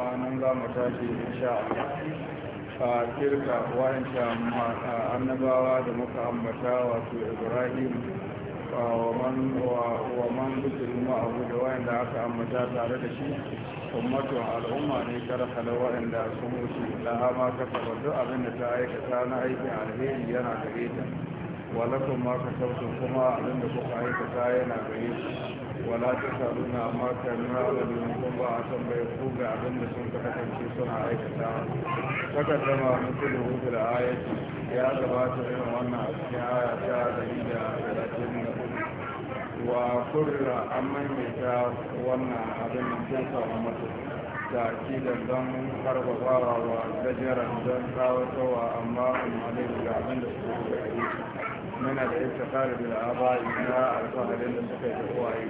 kuma nan za mu tashi insha Allah a kirka wa'ancan annabawa da muka ambata wato ibrahim wa man zikiru abu da wa'anda aka ambata tare da shi ummatun al'umma ne kar karkala wa'anda sun wuce lahama ta duk abin da ta aikata na aikin alheri yana gare ta walakun ma ka kuma abin da kuka aikata yana gare shi wala ta sabu na amma kamin abin yankun ba a san bai kuga abin da sun kasance suna aikata saka zama mutum hutu da ayati ya gabata irin wannan a cikin aya ta dari da talatin da wa kurra an manya ta wannan abin da sun samu mutu da don karfafawa wa gajeren don kawo tawa amma umarni da abin da suka kuka muna da intikali bil aba'i na alfaharin da suka yi da uwaye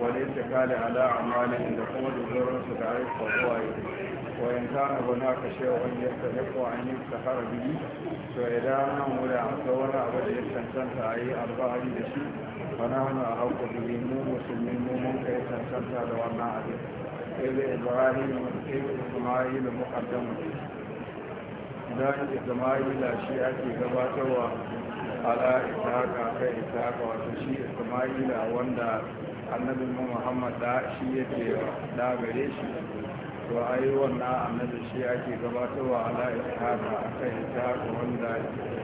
wani intikali ala amalin da kuma dogaron su da aiki da uwaye wayan kana bana ka shewa wani yadda ya ko an yi sahara biyu to idan an wuri an ga wani abu da ya cancanta a yi alfahari da shi bana hannu a hauka biyu mu musulmi mu mun kai cancanta da wannan abin إذ إبراهيم إذ إسماعيل مقدم ذلك إسماعيل شيعة gabatarwa. ala Isaka, kai Isaka, wato shi isma'ila wanda annabin muhammad da shi yake da gare shi to yi wannan annabin shi ake gabatarwa ala a kai Isaka wanda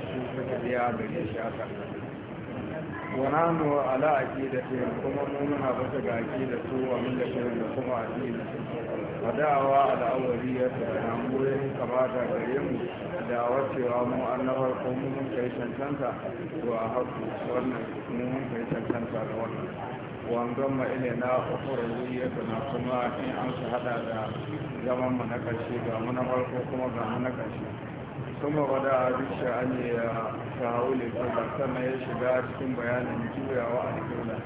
shi suka biya gare shi aka ونحن على عقيدتهم كما نؤمن بس عقيدة وملتهم كما عقيدة فدعوة الأولية عن كما mu. Da cewa mu an na farko mu mun kai cancanta to a haku wannan mu mun kai cancanta da wannan wangon ma ile na ofar da na kuma in an su hada da zaman mu na ƙarshe ga mu na farko kuma ga mu na ƙarshe kuma wada da an yi ya ko kuma sannan ya shiga cikin bayanin juyawa a da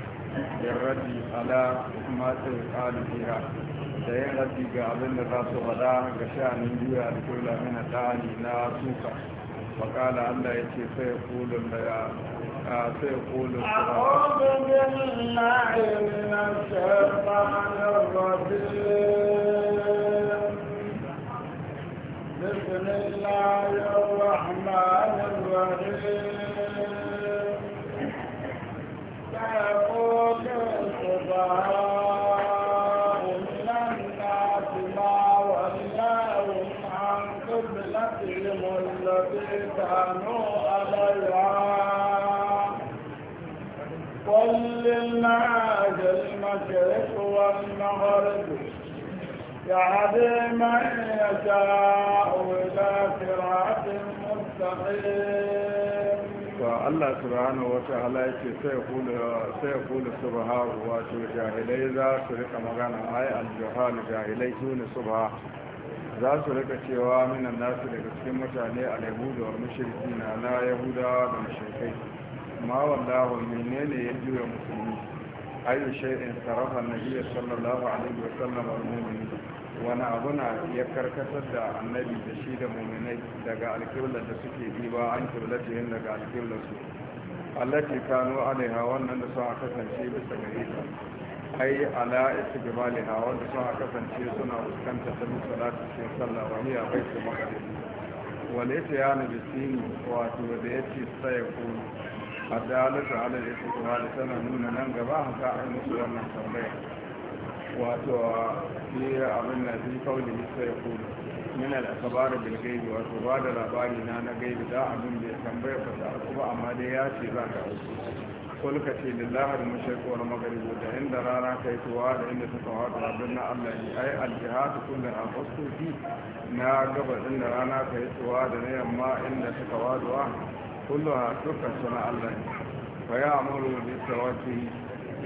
yarradi ala masu alifiya da yin ga abin da za su faɗa ga sha'anin juya da kula mina ɗani na suka faƙala allah ya ce sai ya kulun da ya sai ya kulun su ba بسم الله الرحمن الرحيم سيقول الصباح كانوا عليها قل للمعاد المشرق والمغرب يهدي من يشاء إلى صراط مستقيم فالله سبحانه وتعالى سيقول سيقول سبحانه وتعالى جاهلي ذا سرق آية الجهال جاهلي سون za su rika cewa minan nasu daga cikin mutane a da wa mashirki na na yahudawa da mashirkai ma wallahu menene ya juya musulmi ayu shay'in sarafa nabiyyi sallallahu alaihi wa sallam al mu'minin wani abu na ya karkatar da annabi da shi da mu'minai daga alƙiblar da suke bi ba an kiblata yin daga alƙiblar su allati kano alaiha wannan da sun kasance bisa gare ta ai ala na wanda sun kasance suna fuskanta ta musalatu ni a bai su baitul maqdis wal ya nabi sin wato da ce sai ku adalatu ala istiqbal tana nuna nan gaba haka ai musu wannan tambaya wato fiye abin na da kawai da sai ku min da akhbar bil gaibi wato ba da labari na na gaibi da abin da ya tambaya ba kuma amma dai ya ce za da wasu kulka ce lillahi al-mashriq wal maghrib da inda rana yi tuwa da inda ta kawo da abin Allah ne ai al-jihad kullu a na gaba inda rana yi tuwa da na yamma inda ta kawo da kullu a dukkan suna Allah ne fa ya amuru bi tawaki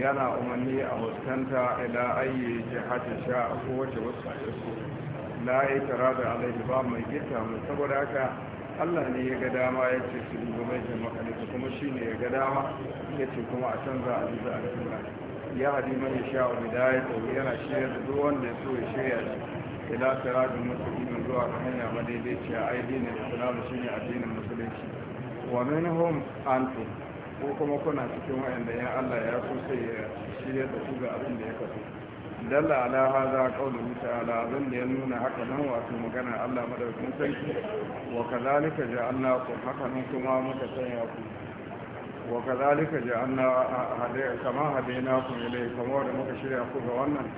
yana umarni a huskanta ila ayi jihati sha a kowace wasu a la yi tara da alaihi ba mai gita mai saboda haka Allah ne ya ga dama ya ce su duba mai jama'a ne kuma shi ne ya ga dama ya ce kuma a canza a duba a tura ya hadi mai sha wa bidaya yana shirya da duk wanda ya so ya shirya shi ila siratun musulmi zuwa ta hanya madaidaiciya ai dinin shi ne addinin musulunci wa minhum anti? ko kuma kuna cikin da ya Allah ya so sai ya shirya da su ga abin da ya kaso dalla ala hada qawluhu ta'ala abin da ya nuna haka nan wato magana Allah madaukakin sarki wa kadhalika ja'alna kum haka nan kuma muka sanya ku wa kadhalika ja'alna hadaya kama hadaina ku ilai kama da muka shirya ku ga wannan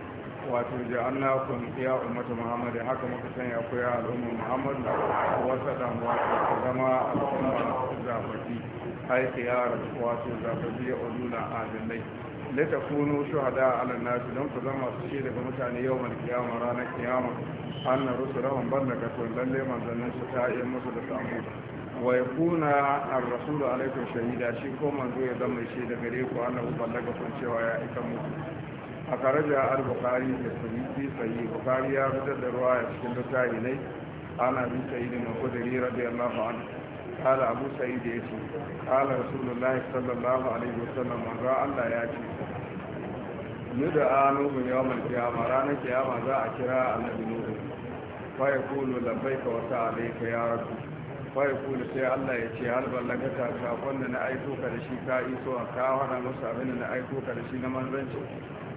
wato ja'alna kum ya ummatu muhammad haka muka sanya ku ya al'umma muhammad wa sallam wa zama al'umma zafati ai ya wato zafati ya uluna adalai da ta kunu shuhada ala nasu don ku zama su ce daga mutane yau mal kiyama ranar kiyama an na rusu rawan ban daga kaso lalle manzannin su ta iya musu da samu wa ya kuna an rasulu alaikun shahida shi ko manzo ya zama shi da gare ku an na uban daga sun cewa ya aika muku a karaja al-bukari da sunyi sayi bukari ya fitar da ruwa a cikin littafi ne ana bin sayi da makudari radiyallahu anhu قال ابو سعيد يسي قال رسول الله صلى الله عليه وسلم من رأى الله ياتي يدعى نوح يوم القيامة رانا قيامة ذا أكراء النبي نوح فيقول لبيك وسعليك يا رب فيقول سي الله يتي هل بلغت ساقون نا ايتوك دشي كا ايسو اكا وانا مسابين نا ايتوك دشي نا منزنci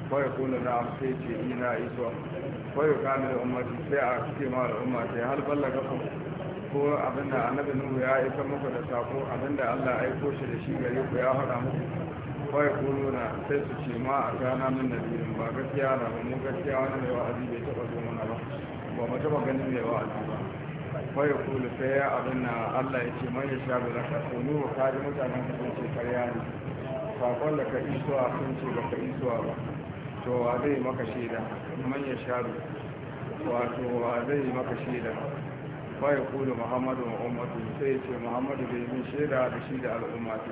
فيقول نعم سي تي ina فيقول فيقال لأمتي سي أكتما لأمتي هل بلغكم ko abinda annabi nuhu ya aika muku da sako abinda Allah ya aiko shi da shi gare ku ya hada muku kai kulo na sai su ce ma a gana min da ba gaskiya na ba mu gaskiya wani mai wa'azi bai taba zo mana ba ba mu taba ganin mai wa'azi ba kawai kulo sai ya Allah ya ce mai ya sha bi zaka to nuhu ka ji mutanen ka sun ce karya ne sakon da ka isuwa sun ce ba ka isuwa ba to wa zai maka shaida mai ya sha wato wa zai maka shaida fa ya kula muhammadu wa ummatu sai ya ce muhammadu bai yi shaida da shi da al'ummatu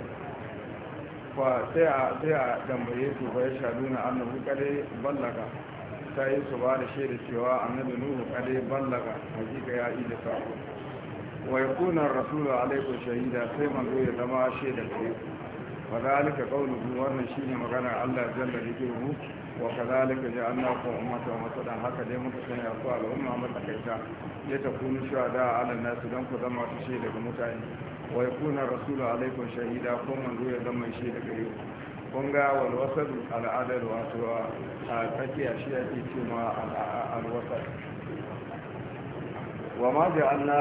fa sai a sai a dambaye su fa ya shadu na annabi kare ballaga sai su ba da shaida cewa annabi nuhu kare ballaga hakika ya yi da wa ya kuna rasulu alaikum shahida sai manzo ya zama shaida kai fa zalika qawluhu wannan shine maganar Allah jalla jalaluhu وكذلك جعلنا قومه ومسدا هكا دي متسنة أقوى ما متكيتا يتكون شهداء على الناس دون كما ما تشهد بمتعين ويكون الرسول عليكم شهيدا قوم من دون دم يشهد بريو kunga walwasar al'adar wato a tsakiya shi ake cewa al'adar wama ji anna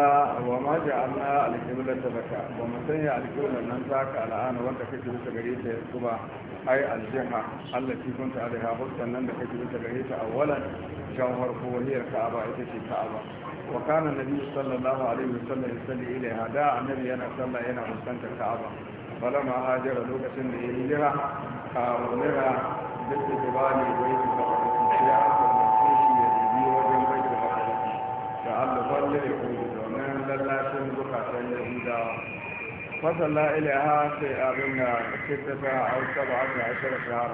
wama ji anna alikimila ta baka ba mu sanya alikimila nan ta ka al'ana wanda kake bisa gare ta yanzu ba ai aljiha Allah kifin ta da ha nan da kake bisa gare ta awwalan shan farko wahiyar ka'aba ita ce ka'aba wa kana nabi sallallahu alaihi wasallam yusalli ilaiha da annabi yana sallah yana fuskantar ka'aba bala ma hajira lokacin da ya yi liha ka wani ra ta ba ta ta ta ta ta ta ta'allufan da ya kuma domin lallashin zukatan yahudawa fasalla ilaha sai abin da tattaka a saba aka ashar shahar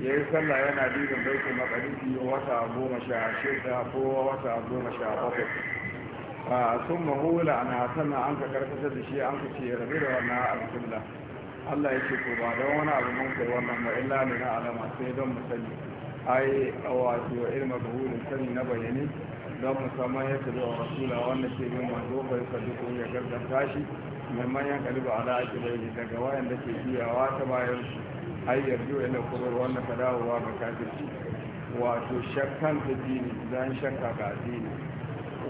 ya yi sallah yana dibin baitul maqdisi wata goma sha shida ko wata goma sha bakwai sun mahula na sannan an ka karkatar da shi an ka ce rabe da wannan alhamdulillah Allah ya ce ko ba don wani abu mun kai wannan ba illa ne na alama sai don mu sani ai a wato ilma buhulin sani na bayani don musamman ya tabi wa rasula wanda ke bin manzo bai sadiku ya garganta shi mai manyan kalibu ala ake da yi daga wayanda ke biyawa ta bayan hayyar yau ila kubar wanda ka dawowa ga kafirci wato shakkan ta dini don shakka ga dini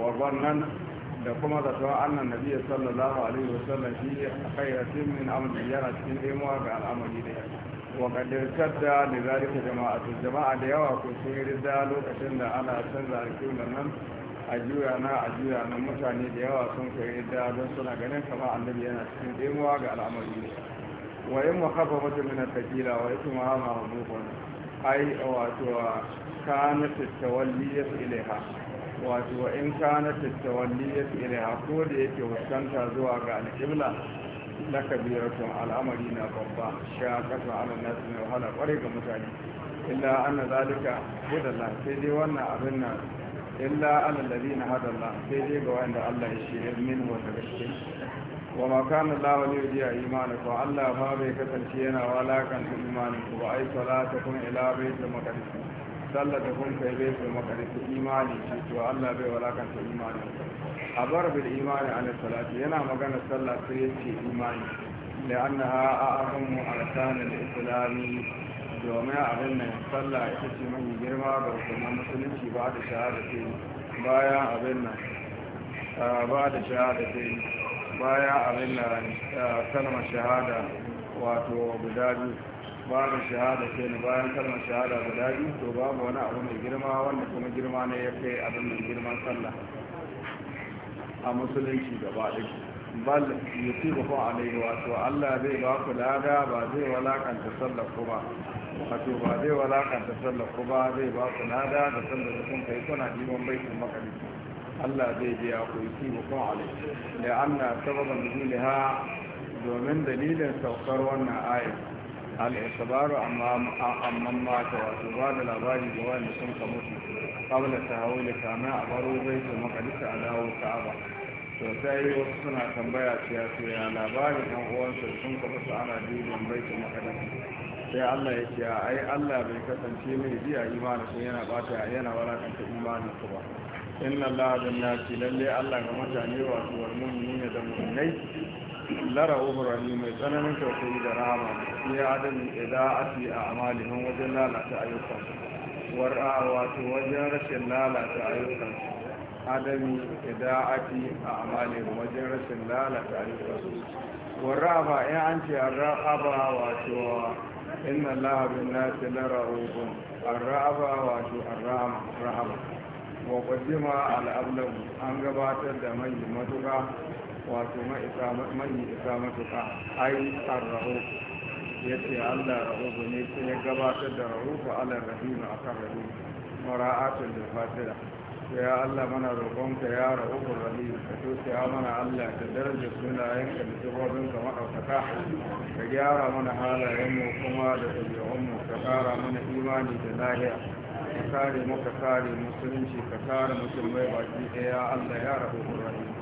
wa wannan da kuma da tsawon annan nabi sallallahu alaihi wasallam shi a kairatin min amri yana cikin imuwa ga al'amari da yake وقد ارتد لذلك جماعة الجماعة ديوا كسوي ردا لوكشن دا أنا أتنزع الكيون نم أجويا نا أجويا نا متاني ديوا سنك ردا لنسونا غنين كما النبي أنا سكين ديموا العمل مجيني وإن مخففة من التجيلة التكيلة هاما مهبوط أي واتو كانت التولية إليها wato in kana tattawalliyar ilaha ko da yake wasanta zuwa na kabiratun al'amari na babba sha kasa ala nasu mai wahala kwarai ga mutane illa ana zalika hudalla sai dai wannan abin na illa ala na hadalla sai dai ga wanda allah ya shirya min wata gaske wa ma kana Allah wani yudiya imani ko Allah ba bai kasance yana walakan ta imani ko ai salata kun ila bai ta makaris sallata kun kai bai ta makaris imani ce to Allah bai walakan ta imani a barbar imani a salatu yana magana sallah sai yace imani da an ha a abin mu arsanin islami domin abin nan sallah ita ce mai girma ga hukumar musulunci ba da shahada ce bayan abin nan ba da shahada ce bayan abin nan kalmar shahada wato guda biyu ba da shahada ke ne bayan kalmar shahada guda biyu to babu wani abu mai girma wanda kuma girma ne ya kai abin mai girman sallah a musulunci gaba ɗaya bal yusibu ku alaihi wato Allah zai ba ku lada ba zai walakanta sallar ba wato ba zai walakanta sallar ba zai ba ku lada da sallar da kun kai kuna diban baitul maqdis Allah zai biya ku yusibu ku alaihi da anna sababan nuzulha domin dalilin saukar wannan ayat al'isabaru amma mata wato ba da labari ga wanda sun ka mutu kabla ta hau da kama a baro zai su makalisa a dawo ka'aba to sai wasu suna tambaya cewa ya labarin 'yan uwansa sun kafa su ana dubin baitul maqdis sai Allah ya ce ai Allah bai kasance mai biya imani sun yana bata yana walakanta imanin su ba inna Lahadin da ce, lalle Allah ga mutane wato wal mu'minina da mu'minai lara ubrani mai tsananin tausayi da rahama ya adam ida'ati a amalihim wajen lalata ayyukan war'a wato wajen rashin lalata ayyukan adami ida'ati a amalin wajen rashin lalata warra ba in an ce arraba wato inna allaha bin nasi la ra'ubun arraba wato arrama rahama wa qaddima al an gabatar da mai matuka wato mai isa matuka ai arrahu ya ce allah rahubu ne sai ya gabatar da rahubu ala a kan rahimu mara'atun da fatira ya Allah mana roƙonka ya rahoton rahim ka tosaya mana Allah da darajar sunayenka da sirrorinka maɗaukaka ka gyara mana halayenmu kuma da ɗabi'unmu ka ƙara mana imani da lahiya ka kare mu ka kare musulunci ka kare musulmai baki ɗaya Allah ya rahoton rahim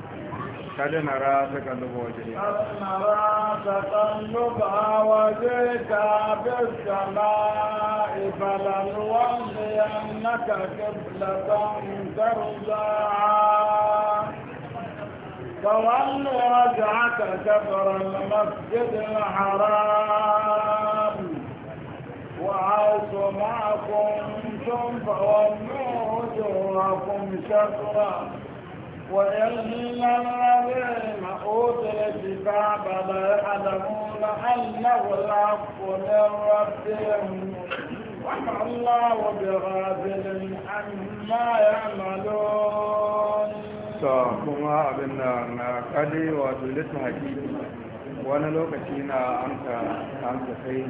قد راسك تقلب وجهك قد راسك تقلب وجهك في السماء فلنولينك قبلة ترجع فول وجهك كفر المسجد الحرام وعوص ما كنتم فولوا وجوهكم شكرا وإلا الذين أوتوا الكتاب ليعلمون أنه الحق من ربهم وما الله بغافل عما يعملون. كما أبنا قدي وجلس حكيم wani lokaci na an ka kai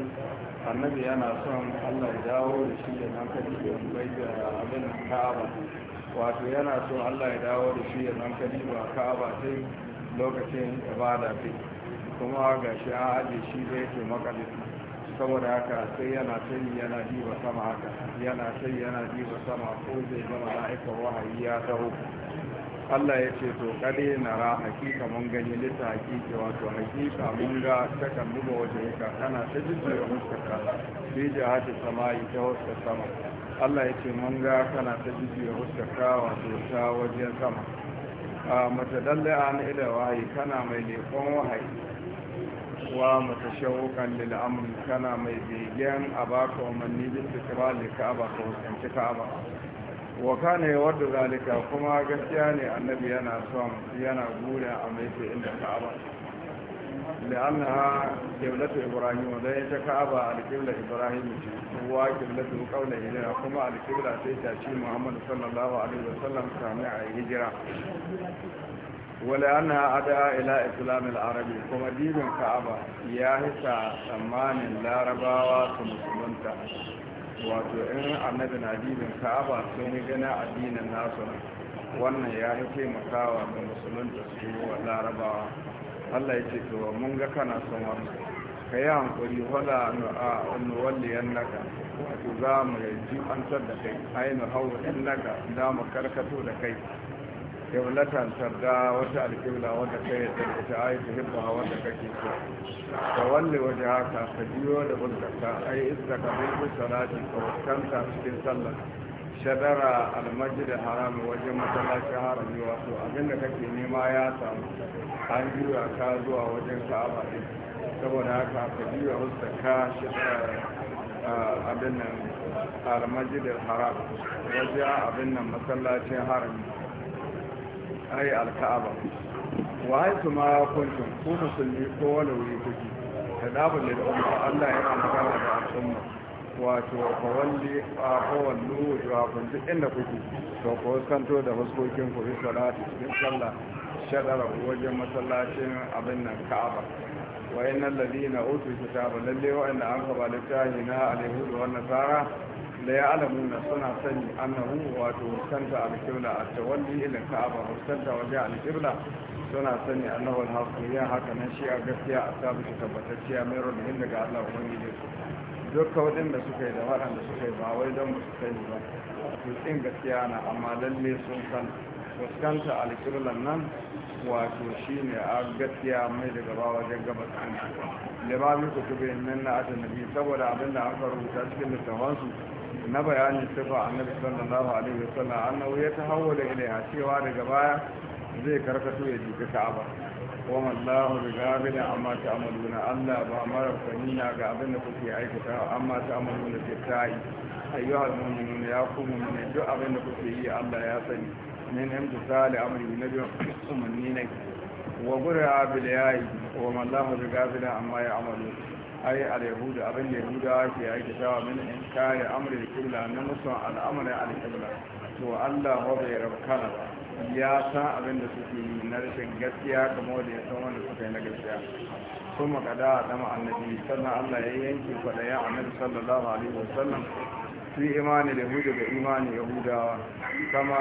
annabi yana son allah ya dawo da shi da nan kaji da bai da abin ka'aba wato yana so allah ya dawo da shi ya zan ka ba sai lokacin ibada ce kuma ga shi an aje shi zai yake saboda haka sai yana sai yana diba sama haka yana sai yana diba sama ko zai ga mala'ikar wahayi ya taho Allah ya ce to kade na ra hakika mun gani lita hakika wato hakika mun ga ta kan duba wajen ka kana ta jijjiya muskaka sai jihati sama'i ta wasu sama Allah ya ce mun ga kana ta jijiya huskarka wato ta wajen sama a matadalle an ila wahayi kana mai leƙon wahayi wa matashawukan lil lil'amun kana mai begen a baka umarni bin da kaba ba ka huskanci ka'aba wa kana yi wadda zalika kuma gaskiya ne annabi yana son yana gura a mai inda ka'aba لأنها قبلة إبراهيم وذي تكعب على قبلة إبراهيم هو قبلته قوله إليها كما على قبلة تيتاشي محمد صلى الله عليه وسلم كامع هجرة ولأنها أدعى إلى إسلام العربي كما دين كعبة ياهسا سمان لا رباوة مسلمتا wato in annabi na dinin ka'aba sun yi gana addinin nasu wannan ya fi taimakawa ga musulunta su yi wa larabawa Allah ya ce to mun ga kana son wannan ka yi hankuri a nuwalli yan naka wato za mu yanzu an da kai ainihin hau yan naka da mu karkato da kai kiblatan tarda wata alkibla wadda kai ya ta ayi ta hibba wadda kake so ka walle waje haka ka jiyo da bulkarka ai iska ka bai salati ka wakanta cikin sallah shadara almajid haram wajen masallaci harami wasu, abinda kake nema ya samu an juya ka zuwa wajen ka'aba din saboda haka ka juya wasu ka shadara abin nan almajid haram wajen abin nan masallacin harami ai alka'aba wa haitu ma kuntum ku musulmi ko wani wuri da dabul lil umma Allah yana magana da al'umma wato kawalli a fawallu wato duk inda kuke to ku huskanto da huskokin ku bisa salati cikin sallah shadara wajen masallacin abin nan ka'aba wa innal ladina utu kitaba lalle wa inna an kaba littahi na alayhi wa nasara alamu na suna sani annahu wato huskanta alkibla a tawalli ila ka'aba huskanta wajen alkibla suna sani annahu al-haqqiyya haka nan shi a gaskiya a tabbata tabbatacciya mai rubin daga Allah su duka waɗanda suka yi da waɗanda suka yi ba wai don su kai ba tsin gaskiya na amma lalle sun san fuskanta alƙirlan nan wato shi ne a gaskiya mai daga ba wajen gabas an limamin kutubin nan na ajanabi saboda abinda an rubuta cikin littafansu na bayani sifa annabi sallallahu alaihi wasallam annahu ya tahawwala ilaiha cewa daga baya zai karkato ya jika ka'aba kuma Allah bi gafilin amma ta na Allah ba mara kwaniya ga abin da kuke aikata amma ta amaluna ta tayi ayyuhal mu'minun ya kuma mu'minin duk abin da kuke yi Allah ya sani min Sale amri na biyu umarni ne wa gura bil yayi wa man lahu bi gafilin amma ya amalu ai al yahudu abin da yahuda ke aikata min in kare amri kibla na musu al'amarin al kibla to Allah ba bai rabkana ya san abin da suke yi na rashin gaskiya kamar da ya san wanda suka yi na gaskiya kuma kada a dama annabi sannan allah ya yanke kwaɗaya annabi sallallahu alaihi wasallam fi imani da hujja da imani yahudawa kama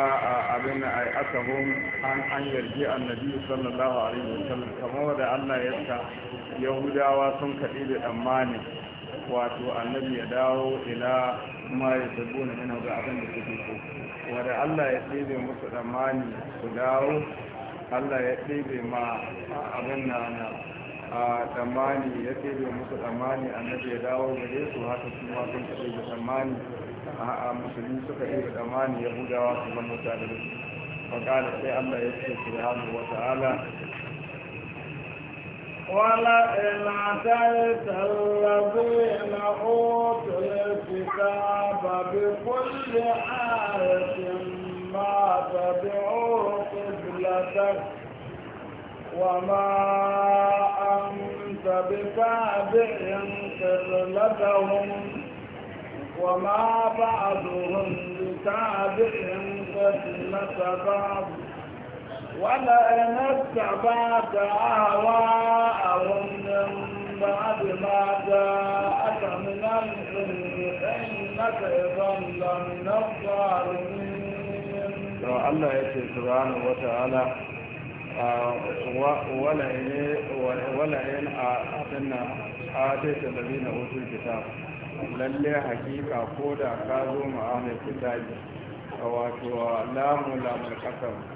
abin a asahun an an yarje annabi sallallahu alaihi wasallam kamar da allah ya sa yahudawa sun kaɗi da tsammani wato annabi ya dawo ila ma ya sabo na yana ga abin da suke so wadda allah ya ɗebe musu tsammani su dawo allah ya ɗebe ma abin na na a tsammani ya ɗebe musu tsammani annabi ya dawo gare su haka su ma sun ɗebe tsammani a musulmi suka ɗebe tsammani yahudawa su zama tare da su faƙala sai allah ya ce su da hannu ala. ولئن أتيت الذين أوتوا الكتاب بكل آية ما تبعوا قبلتك وما أنت بتابع قبلتهم وما بعضهم بتابع قبلة بعض ولا نتبعك أهواءهم من بعد ما جاءك من العلم إنك إذا لمن الظالمين الله يسير سبحانه وتعالى آه، ولئن أعطنا آتيت الذين أوتوا الكتاب lalle hakika ko da ka zo ma'amai kitabi wato lamu lamar kasar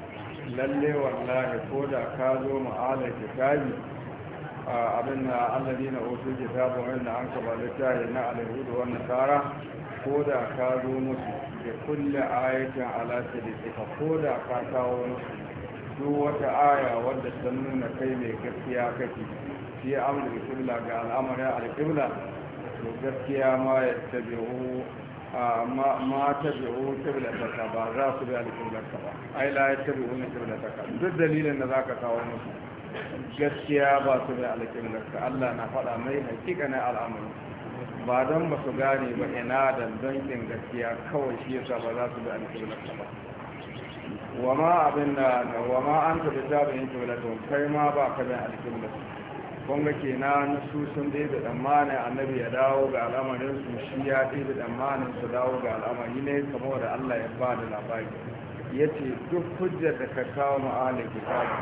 lalle wallahi ko da ka zo ma'alar kitabi abin na allazi na otu kitabu wanda an kaba littafi na alhudu wa nasara ko da ka zo musu da kulle ayatin alata da suka ko da ka kawo musu duk wata aya wadda ta nuna kai mai gaskiya kake shi amur da kibla ga al'amarin alkibla to gaskiya ma ya tabi'u ma tabi'un qiblataka ba za su bi al-qiblata ba ai la yattabi'una qiblataka duk dalilin da zaka kawo musu gaskiya ba su bi al-qiblata Allah na faɗa mai hakika na al'amari ba don ba su gane ba ina da dankin gaskiya kawai shi yasa ba za su bi al-qiblata ba wa ma abin da wa ma anta bi tabi'in qiblata kai ma ba ka bi al-qiblata kunga kenan su sun dai da tsammanin annabi ya dawo ga al'amarin su shi ya dai da tsammanin su dawo ga al'amari ne kamar da Allah ya ba da labari ya ce duk hujjar da ka kawo ma'ahalar kitabu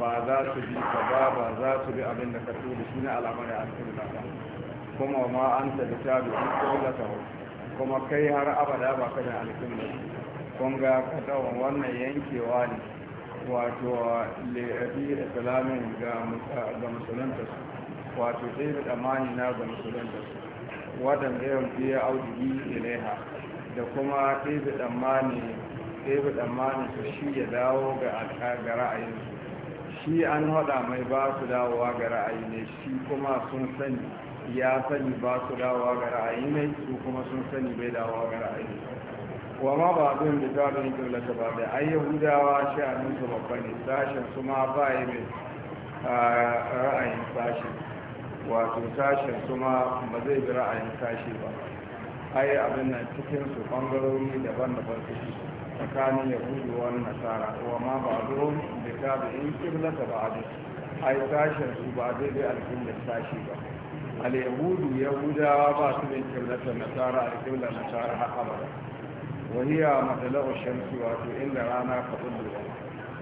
ba za su bi ka ba ba za su bi abin da ka so shi na al'amarin al'amari ba kuma ma an ta da ta bi an kuma kai har abada ba ka da kun kunga ka wannan yankewa ne wato lirabi da salamin ga musulunta su wato ɗaya da tsammani na ga musulunta su waɗanda yawan fiye audugi ilaiha da kuma ɗaya da tsammani ɗaya da tsammani su shi ya dawo ga ra'ayin shi an haɗa mai ba su dawowa ga ra'ayi ne shi kuma sun sani ya sani ba su dawowa ga ra'ayi ne su kuma sun sani bai dawowa ga ra'ayi ne wa ma ba abin da ta bin kirla ta ba da ai yahudawa sha'anin su babba ne sashen su ma ba yi mai ra'ayin sashi wato sashen su ma ba zai bi ra'ayin sashi ba ai abin nan cikin su bangarori daban-daban su tsakanin yahudu wani nasara wa ma ba abin da ta bin kirla ta ba da ai sashen su ba zai bi alƙiblar sashi ba al-yahudu yahudawa ba su bin ta nasara a kirlatar nasara har abada wahiya matsalar shamsi wato inda rana ka tsulluwa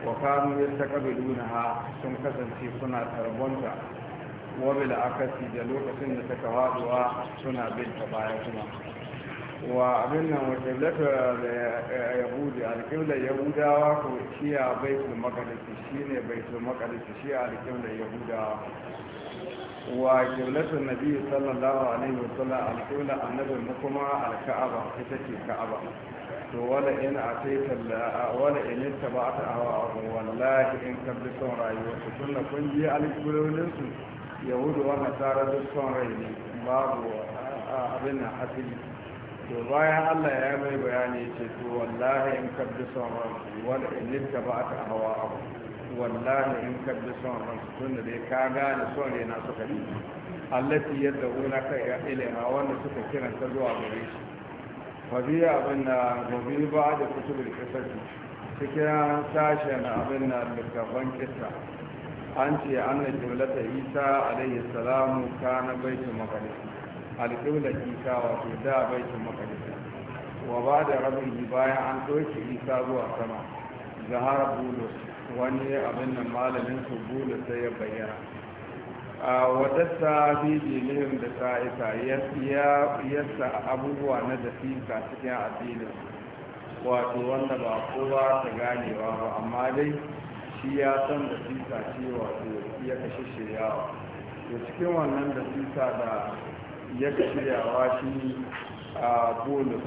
wa kanu ya ta kabiluna ha sun kasance suna tarbonta wabil akasi da lokacin da ta kawaduwa suna bin ta baya kuma wa abin nan wata latar da yahudi alƙiblar yahudawa ko bai baitul makalisi shine baitul makalisi shiya alƙiblar yahudawa wa kiblatun nabi sallallahu alaihi wa wasallam alƙula annabin mu kuma alka'aba ita ce ka'aba to wala in ataita wala in ta hawa wallahi in kabbi son rayuwa su kunna kun ji alƙulolin su yahudu wa nasara duk son rai ne babu abin na asili to bayan Allah ya mai bayani ce to wallahi in kabbi son rai wala in ta hawa abu wallahi in ka bi son ransu tun da dai ka gane son rena suka yi allati yadda wuna ka ya ilaiha wanda suka kiranta zuwa gare shi fabiya abin da gobe ba da kutubul kisasi cikin sashen abin da littafan kitta. an ce an na jimlata isa alayhi salamu ka na baitin makalis alƙiblar isa wato da baitin makalis wa ba da rabin bayan an ɗauke isa zuwa sama zahara bulus wani abin da malamin su bude sai ya bayyana a wadatta bijilihim da ta ya yasa abubuwa na dafisa cikin addinin wato wanda ba kowa ta ganewa ba amma dai shi ya san dafisa ce wato ya kashe shiryawa to cikin wannan dafisa da ya kashe shiryawa shi a Bolo.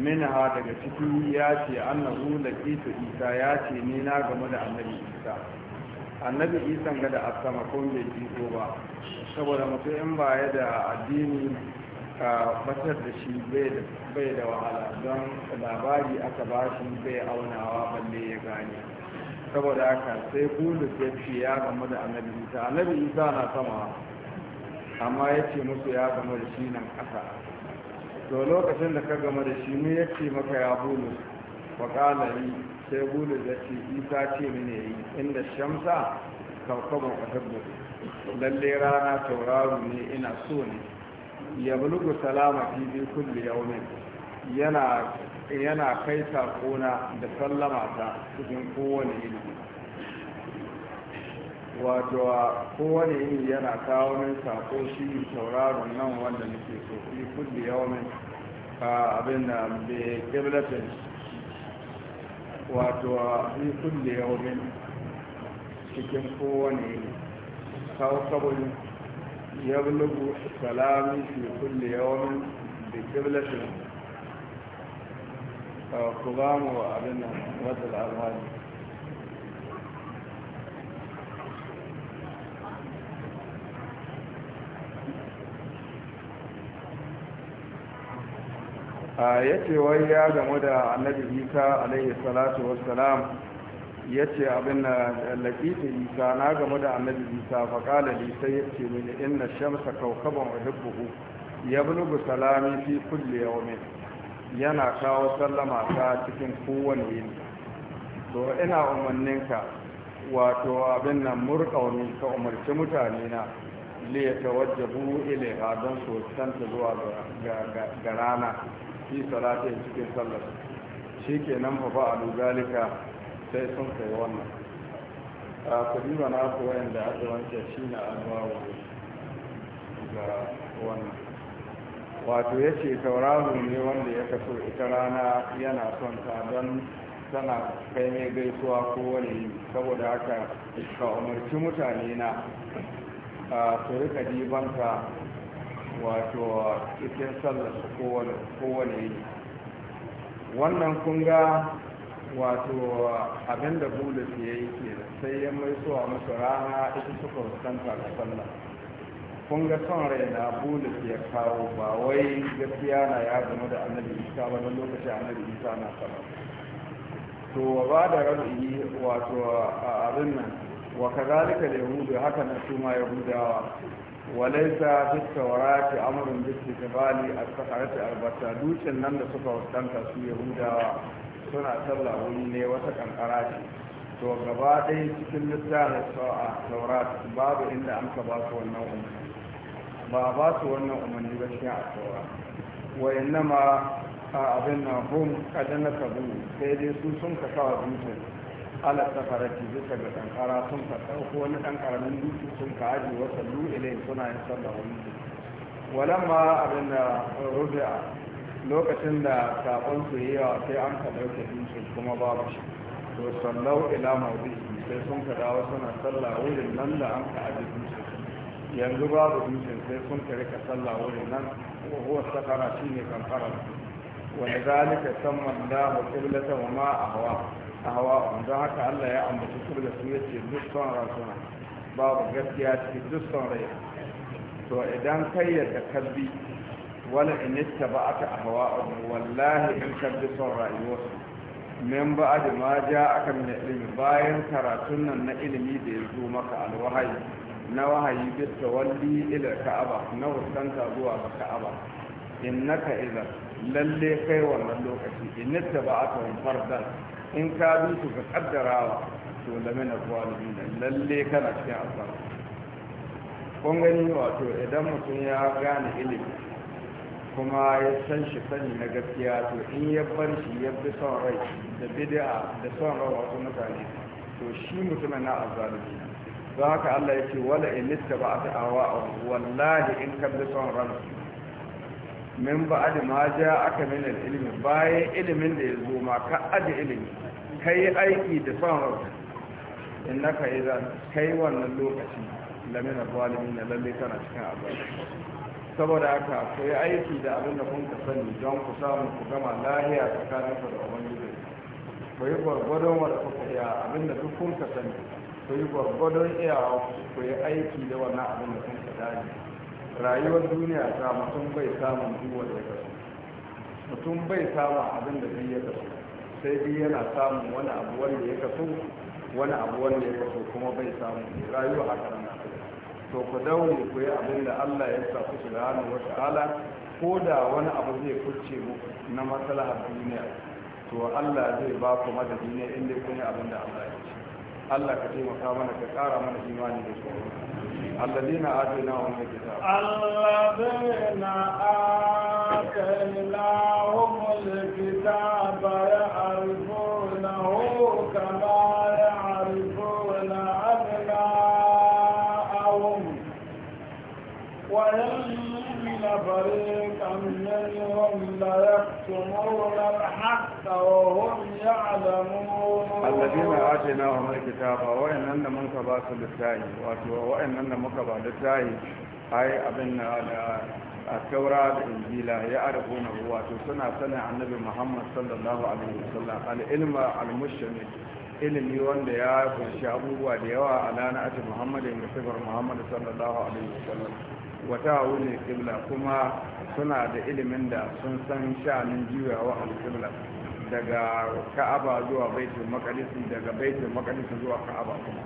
minha daga ciki ya ce annahu laqitu isa ya ce ni na game da annabi isa annabi isa ga da asama ko bai iso ba saboda mutum in ba ya da addini ka batar da shi bai da wahala don labari aka ba shi bai aunawa balle ya gane saboda haka sai bulus ya ce ya game da annabi isa annabi isa na sama amma ya ce musu ya game da shi nan ƙasa to lokacin da ka gama da shi mu yake maka ya bulus wa yi sai bulus ya ce isa ce mini yi inda shamsa kawkaban uhibbu lalle rana tauraro ne ina so ne ya bulugu salama fi bi kulli yana yana kai sakona da sallama ta cikin kowane ilimi wato a kowane iri yana kawo min sako shi tauraron nan wanda nake so fi kulli yawmin abin da bai kiblatin wato a fi kulli yawmin cikin kowane iri kawo kabon ya bulugu salami fi kulli yawmin bi kiblatin ku ba mu abin da wata alhaji ya ce wai ya gamu da annabi isa alaihi salatu wassalam ya ce abin na laƙita isa na gamu da annabi isa faƙala lisa ya ce mini inna shamsa kaukaban uhibbuhu ya bulugu salami fi kulle yawmin yana kawo sallama ta cikin kowane yini to ina umarninka wato abin nan murƙauni ka umarci mutane na liya tawajjabu ilaiha don su zuwa ga rana fi salati cikin sallar shi ke nan fa ba a dugalika sai sun kai wannan a kudi ba na ku wayan da aka wanke shi na alwawo ga wannan wato ya ce tauraro ne wanda ya kaso ita rana yana son ta don tana kai mai gaisuwa ko wani saboda haka ka umarci mutane na a su rika jibanta wato cikin sallarsa kowane yi wannan kunga wato abinda bulus ya yi ke sai ya mai suwa musu rana ita suka fuskanta da sallah kun ga son rai na bulus ya kawo ba wai gaskiya na ya zama da annabi isa ba na lokacin annabi isa na sama to wa ba da rabi wato abin nan wa kazalika da yahudu haka na su ma yahudawa وليس في التوراة أمر باستقبال السحرة البتة دوشن nan da suka wasanta su Yahudawa suna sallah wuri ne wata kankara ce to gaba ɗaya cikin littafin sa'a taurat babu inda an ka ba su wannan umarni ba ba su wannan umarni ba shi a taura wa inna ma abin na hum kadana kabu sai dai su sun ka kawo dutsen ala safarati bisa ga kankara sun ka ɗauko wani ɗan ƙaramin dutse sun ka aji wasa lu'ilai suna yin sallah wani walamma abin da rubi'a lokacin da sakon su yi yawa sai an ka ɗauke dutse kuma babu shi to sallau ila mawdi sai sun ka dawo suna sallah wurin nan da an ka aji dutse yanzu babu dutse sai sun ka rika sallah wurin nan wa huwa sakara shine kankara wa san samma Allahu qiblatan wa ma a hawa? hawa don haka Allah ya ambaci su da su yace duk son rasuna babu gaskiya cikin duk son rai to idan kai yadda kalbi wala in ittaba'aka ahwa'ahum wallahi in kalbi son rayuwarsu min ba'd ma ja'aka min ilmi bayan karatun nan na ilimi da ya zo maka alwahayi na wahayi bi tawalli ila ka'aba na wasanta zuwa ga ka'aba innaka idan lalle kai wannan lokaci in ittaba'aka fardan in ka bi su ka kaddarawa to lamina da lalle kana cikin asara kun gani wato idan mutum ya gane ilimi kuma ya san shi sani na gaskiya to in ya bar shi ya bi son rai da bid'a da son rai wasu mutane to shi mutum na azzalimi don haka Allah ya ce wala in nittaba ta awa wallahi in ka bi son ransu min ba da ma ja aka min ilimi bayan ilimin da ya zo ma ka aji ilimi ka yi aiki da son rauta in na ka yi zan yi wannan lokaci lamina zalimi na lalle kana cikin abin saboda haka ku yi aiki da abin da kun ka sani don ku samu ku gama lahiya tsakanin ku da ubangiji ku yi gwargwadon wanda kuka iya abin da duk kun ka sani ku yi gwargwadon iyawa ku yi aiki da wannan abin da kun ka dani rayuwar duniya ta mutum bai samun duwa da ya mutum bai samun abin da zai ya kasu sai biyu yana samun wani abu wanda ya kasu wani abu wanda ya kasu kuma bai samun rayuwa kan na to ku daure ku yi abin da Allah ya sa ku subhanahu wasu ala ko da wani abu zai kurce mu na a duniya to Allah zai ba ku madadi ne inda kun yi abin da Allah ya ce الله ka taimaka mana من ƙara mana الذين آتيناهم الكتاب الذين آتيناهم الكتاب يعرفونه كما يعرفون أبناءهم وإن فريقا هم ليكتمون الحق وهم يعلمون الذين آتيناهم الكتاب وإن أن من كباس للتاي وإن أن مكبا للتاي أي أبن التوراة الإنجيل يعرفونه وتسنى سنة عن النبي محمد صلى الله عليه وسلم العلم المشتمل ilimi wanda ya kunshi abubuwa da yawa a lana'atin muhammadin da sifar muhammadu sallallahu alaihi wasallam wata wuni kibla kuma suna da ilimin da sun san sha'anin juyawa kibla daga ka'aba zuwa baitul maqdisi daga baitul maqdisi zuwa ka'aba kuma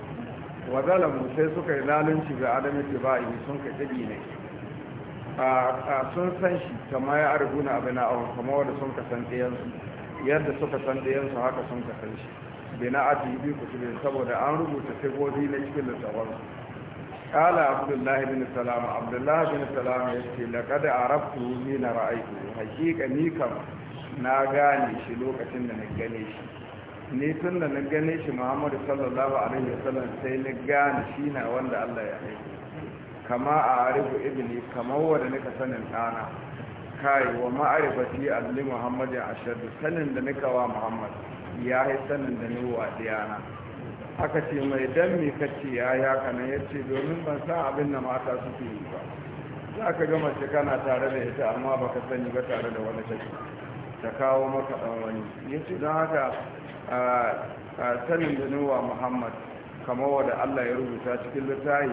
wa zalamu sai suka yi lalunci ga adamu tibai sun ka tabi ne a sun san shi kamar ya arguna abina awon kamar wanda sun ka san ɗayansu yadda suka san ɗayansu haka sun ka san shi bina a tibi ku saboda an rubuta sigobi na cikin littafansu kala abdullahi bin salam abdullahi bin salam ya ce laƙad arabtu ni na ra'aitu hakika ni kam na gane shi lokacin da na gane shi ni tun da na gane shi muhammadu sallallahu alaihi wasallam sai na gane shi na wanda allah ya aiki kama a arifu ibni kamar wanda nika sanin ɗana kai wa ma'arifati alli muhammadin ashadu sanin da nika wa ya yi sanin da ni diyana aka ce mai dan me kace ya ya kana yace domin ban san abin da mata suke yi ba za ka ga mace kana tare da ita amma baka sani ba tare da wani take ta kawo maka dan wani yace don haka a sanin nuwa muhammad kamar wanda Allah ya rubuta cikin littafi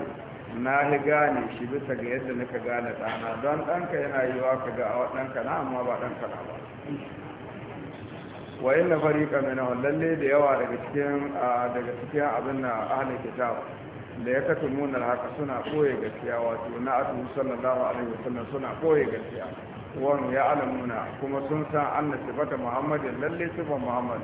na ya gane shi bisa ga yadda nika gane ɗana don ɗanka yana yiwa ka ga ɗanka na amma ba ɗanka na ba wa inna fariqa minhum lalle da yawa daga cikin abin na ahlul kitab da ya kata munar haka suna koye gaskiya wato na atu sallallahu alaihi wasallam suna koye gaskiya wani ya alamuna kuma sun san anna sifata muhammadin lalle sifan muhammad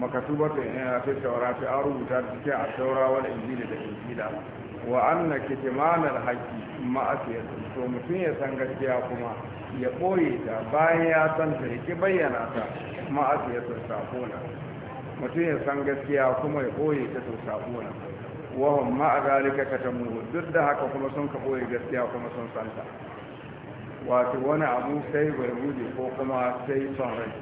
makatubatu in eh, ya fi taurati an rubuta da cikin a taura wal injili da injila wa anna kitmanar haqqi ma'asiyatu to mutum ya san gaskiya kuma ya ɓoye ta bayan ya san ta yake bayyana ta ma'asiyatu saƙona mutum ya san gaskiya kuma ya ɓoye ta to sakona wa hum ka ta muhu duk da haka kuma sun ka ɓoye gaskiya kuma sun san ta wato wani abu sai bai guje ko kuma sai son rai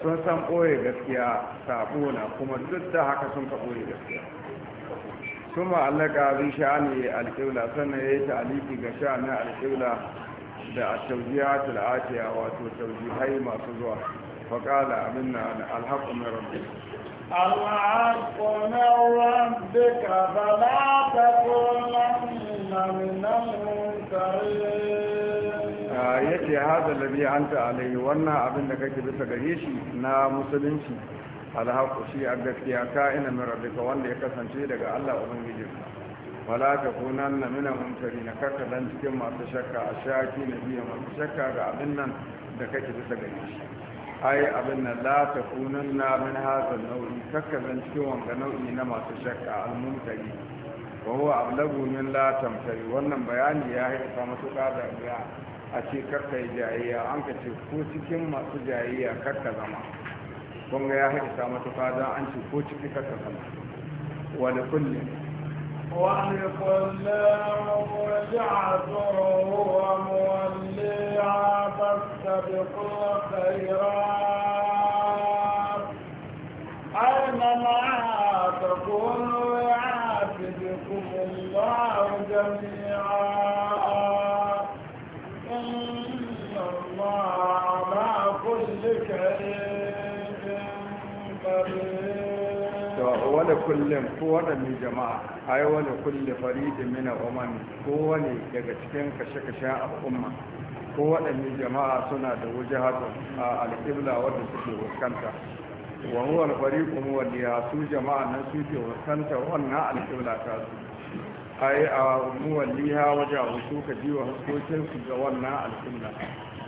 sun san ɓoye gaskiya saƙona kuma duk da haka sun ka ɓoye gaskiya ثم علق بشأن القبلة سنة يتعليق بشأن القبلة بالتوجيهات الآتية وتوجيهي ما تزوى فقال منا الحق من ربك الحق من ربك فلا تكونن من المنكرين آه، يأتي هذا الذي أنت عليه وأنا أبنك كيف تغيشي نا مسلمشي alhaqu shi a gaskiya ka'ina min rabbika wanda ya kasance daga Allah ubangijinka wala ta kunan na mina munkari na karka dan cikin masu shakka a shaki na biya masu shakka ga abin nan da kake bisa gare shi ai abin nan la ta kunan na min hazan nau'i karka dan cikin wanga nau'i na masu shakka al-munkari wa huwa ablagu min la tamtari wannan bayani ya haifa matuƙa da ga a ce karka yi jayayya an ka ce ko cikin masu jayayya karka zama kun ga ya haɗa matuƙa don an ce ko ciki ka kasala wani kulle wani kulle murja'a tsoro wa muwalliya fastabiqu khairat aina ma takunu يعاتبكم الله جميعا إن الله على كل شيء wani kullum ko waɗanne jama'a ai wani kullum faridin mina umami ko wani daga cikin kashe-kashen al'umma ko waɗanne jama'a suna da wuce hatun a alƙibla wadda suke fuskanta wa huwa al-fariqu muwalliya su jama'a nan suke fuskanta wannan alƙibla ta su ai a muwalliha waje su ka ji wa huskokin su ga wannan alƙibla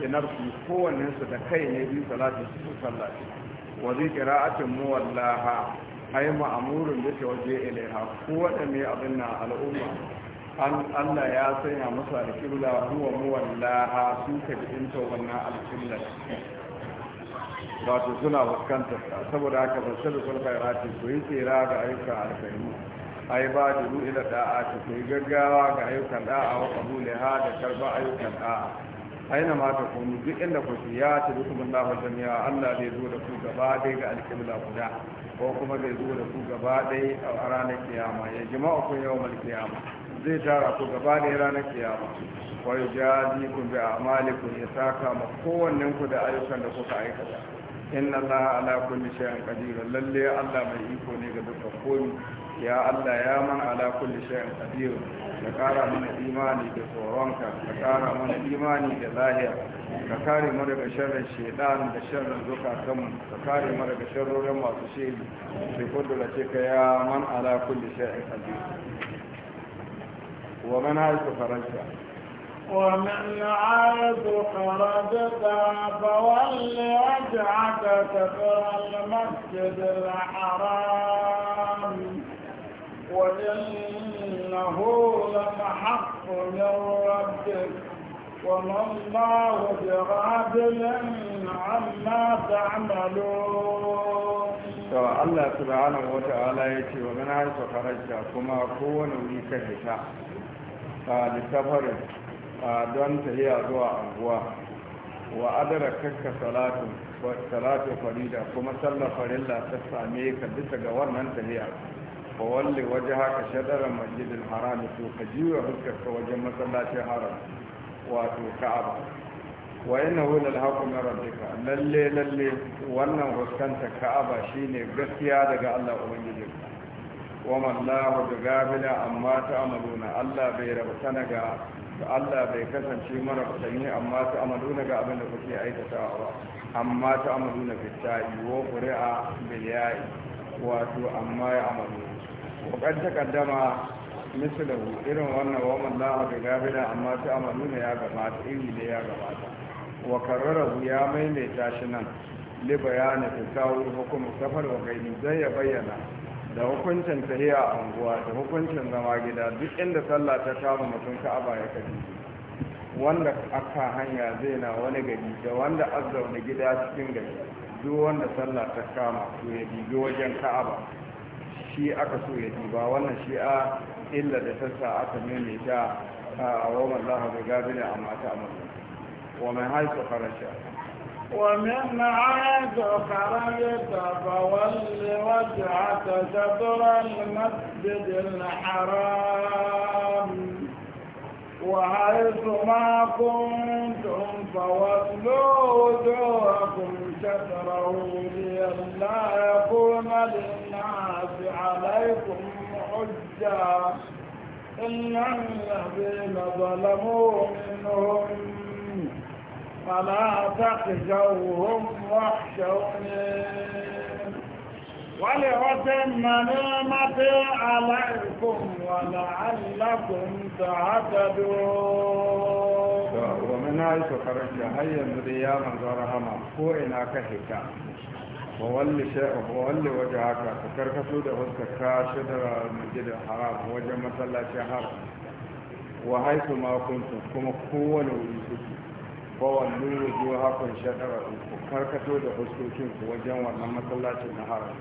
inar su kowannen su da kai ne bi salati su sallaci wa zikira'atin muwallaha ai ma'amurin da ta waje ilaiha ko waɗanne abin na al'umma Allah ya sanya masa alƙibla huwa muwallaha su ka jikinta wannan alƙibla wato suna fuskantar saboda haka fasar da sulka ya ku yi tsira ga ayyukan alƙaimu ai ba da ru'ila da'a ku yi gaggawa ga ayyukan da'a wa kabule ha da karba ayyukan da'a aina ma ta kunu duk inda ku ya ta duk mun Allah jami'a Allah zai zo da ku gaba dai ga alƙibla guda ko kuma zai zo da ku gaba dai a ranar kiyama ya jama'a ku yawmal kiyama zai tara ku gaba dai ranar kiyama wa yujazi ku bi a'malikum ya saka ma kowanne ku da ayyukan da kuka aikata inna Allah ala kulli shay'in qadir lalle Allah mai iko ne ga dukkan komai ya Allah ya man ala kulli shay'in qadir ka kara mana imani da tsoronka ka kara mana imani da lahiya ka kare mu daga sharrin shaidan da sharrin zukatanmu ka kare mu daga sharrorin masu shehi sai kudura ce ka ya man ala kulli shay'in qadir wa man haifu faranta ومن عاد خرجت فول وجهك كفر المسجد الحرام وإنه لمحق من ربك وما الله بغافل عما تعملون سواء الله سبحانه وتعالى يتي ومن عرف خرجت كما كون وليك هشاء آه، لسفر آه، دون تهي أدواء أبواء وأدركك صلاة صلاة فريدة كما صلى فريدة تسعميك بسك ورمان تهي أدواء fa waje haka shadara masjidil haram to ka jiwa huskarka wajen masallacin haram wato ka'aba wa innahu lil haqqi min rabbika lalle lalle wannan huskanta ka'aba shine gaskiya daga Allah ubangijinka wa man lahu bighafila amma ta'maluna Allah bai rabtana ga Allah bai kasance mara sani amma ta'maluna ga abin da kuke aikatawa ba amma ta'maluna bitta'i wa qur'a bil ya'i wato amma ya amalu وقد تقدم مثله إذن وأن وما الله بغافل عما تعملون يا جماعة إني يا جماعة وكرره يا ميمي تاشنا لبيان تساوي حكم السفر zai زي bayyana. da hukuncin tahiya a unguwa da hukuncin zama gida duk inda sallah ta kama mutum ka'aba ya kaji wanda aka hanya zai na wani gari da wanda azzauna gida cikin gari duk wanda sallah ta kama to ya bibi wajen ka'aba shi aka so ya ba wannan shi a illa da sassa aka ta a roman laha da gabina a mata amurka wa mai haifu farasha ومن عاد خرجت فول وجهك شطر المسجد الحرام وحيث ما كنتم فوصلوا وجوهكم شكره لئلا يكون للناس عليكم حجة إلا الذين ظلموا منهم فلا تخشوهم واخشوني ولأتم نعمتي عليكم ولعلكم تهتدون ومن حيث خرجت هيا مريا من رحمة ko ina ka hita wa walli waje wajhaka ka karkato da huskarka shadara masjidil haram wajen masallacin haram wa haitu ma kuntum kuma kowane wuri kuke wallu wujuhakum shadara ku karkato da huskokin ku wajen wannan masallacin haram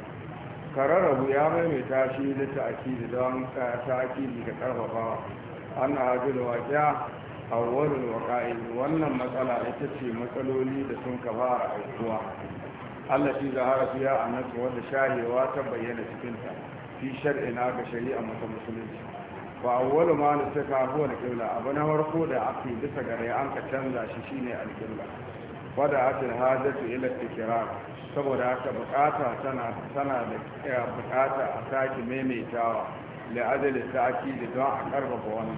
kararrabu ya maimaita shi da ta'akidi don ta'akidi da karfafawa an hajji da waƙiya a wurin waƙa'i wannan matsala ita ce matsaloli da sun ka fara aikuwa allah shi zahara fiya a nasu wadda shahewa ta bayyana cikinta fi shar'ina ga shari'a mata musulunci ba awwalu ma na suka huwa da kibla abu na farko da ake bisa gare an ka canza shi shine alkibla wada atil hajatu ila ikrar saboda haka bukata tana tana da eh, bukata a saki maimaitawa la littafi saki da don a karfafa wani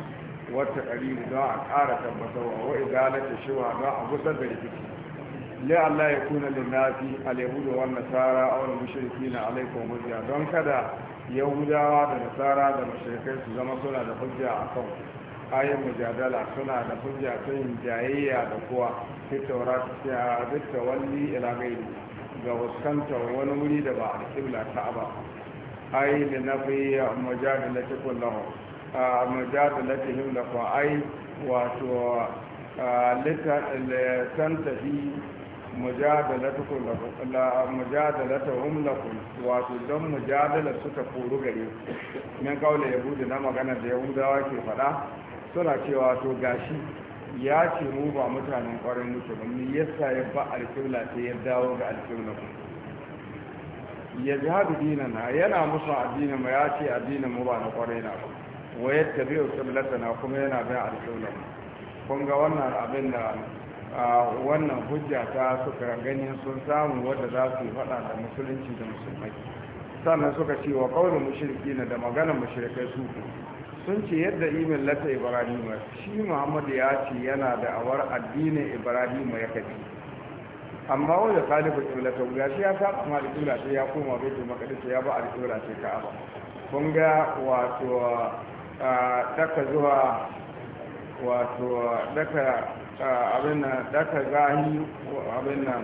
wata qariri don a ƙara tabbatarwa wa idalata shiwa don a gusar da rikici la Allah ya kuna linnafi al-yahudu wan nasara aw al-mushrikeena alaykum hujja don kada yahudawa da nasara da mushrikai su zama suna da hujja kan ayin mujadala suna da hujja ta yin jayayya da kowa fi taurata duk tawalli ila gairi ga wasanta wani wuri da ba a kibla ta ba ai da na fi majalilati kullahu a majalilati himla fa ai wato tantahi mujadalata hum lakum wato don mujadala suka koru gare min kawo da kaula yahudi na magana da yahudawa ke fada suna cewa to gashi ya ce mu ba mutanen ƙwarar ba ni yasa ya ba alƙibla sai ya dawo ga alƙibla ku ya ji haɗu na. yana musu addinin mu ya ce addinin mu ba na kwarai na ba wa ya tabi alƙiblata na kuma yana bin alƙibla kun ga wannan abin da wannan hujja ta suka gani sun samu wadda za su faɗa da musulunci da musulmai sannan suka ce wa kawai mushriki na da maganar mushrikai su sun ce yadda imin lata ibrahima shi muhammadu ya ce yana da awar addinin ibrahima ya kaji amma wanda kalibu ƙiblata guda shi ya saba ma alƙibla sai ya koma bai baitul makadisa ya ba alƙibla sai ka'aba kun ga wato daka zuwa wato daka abin nan daka gahi abin nan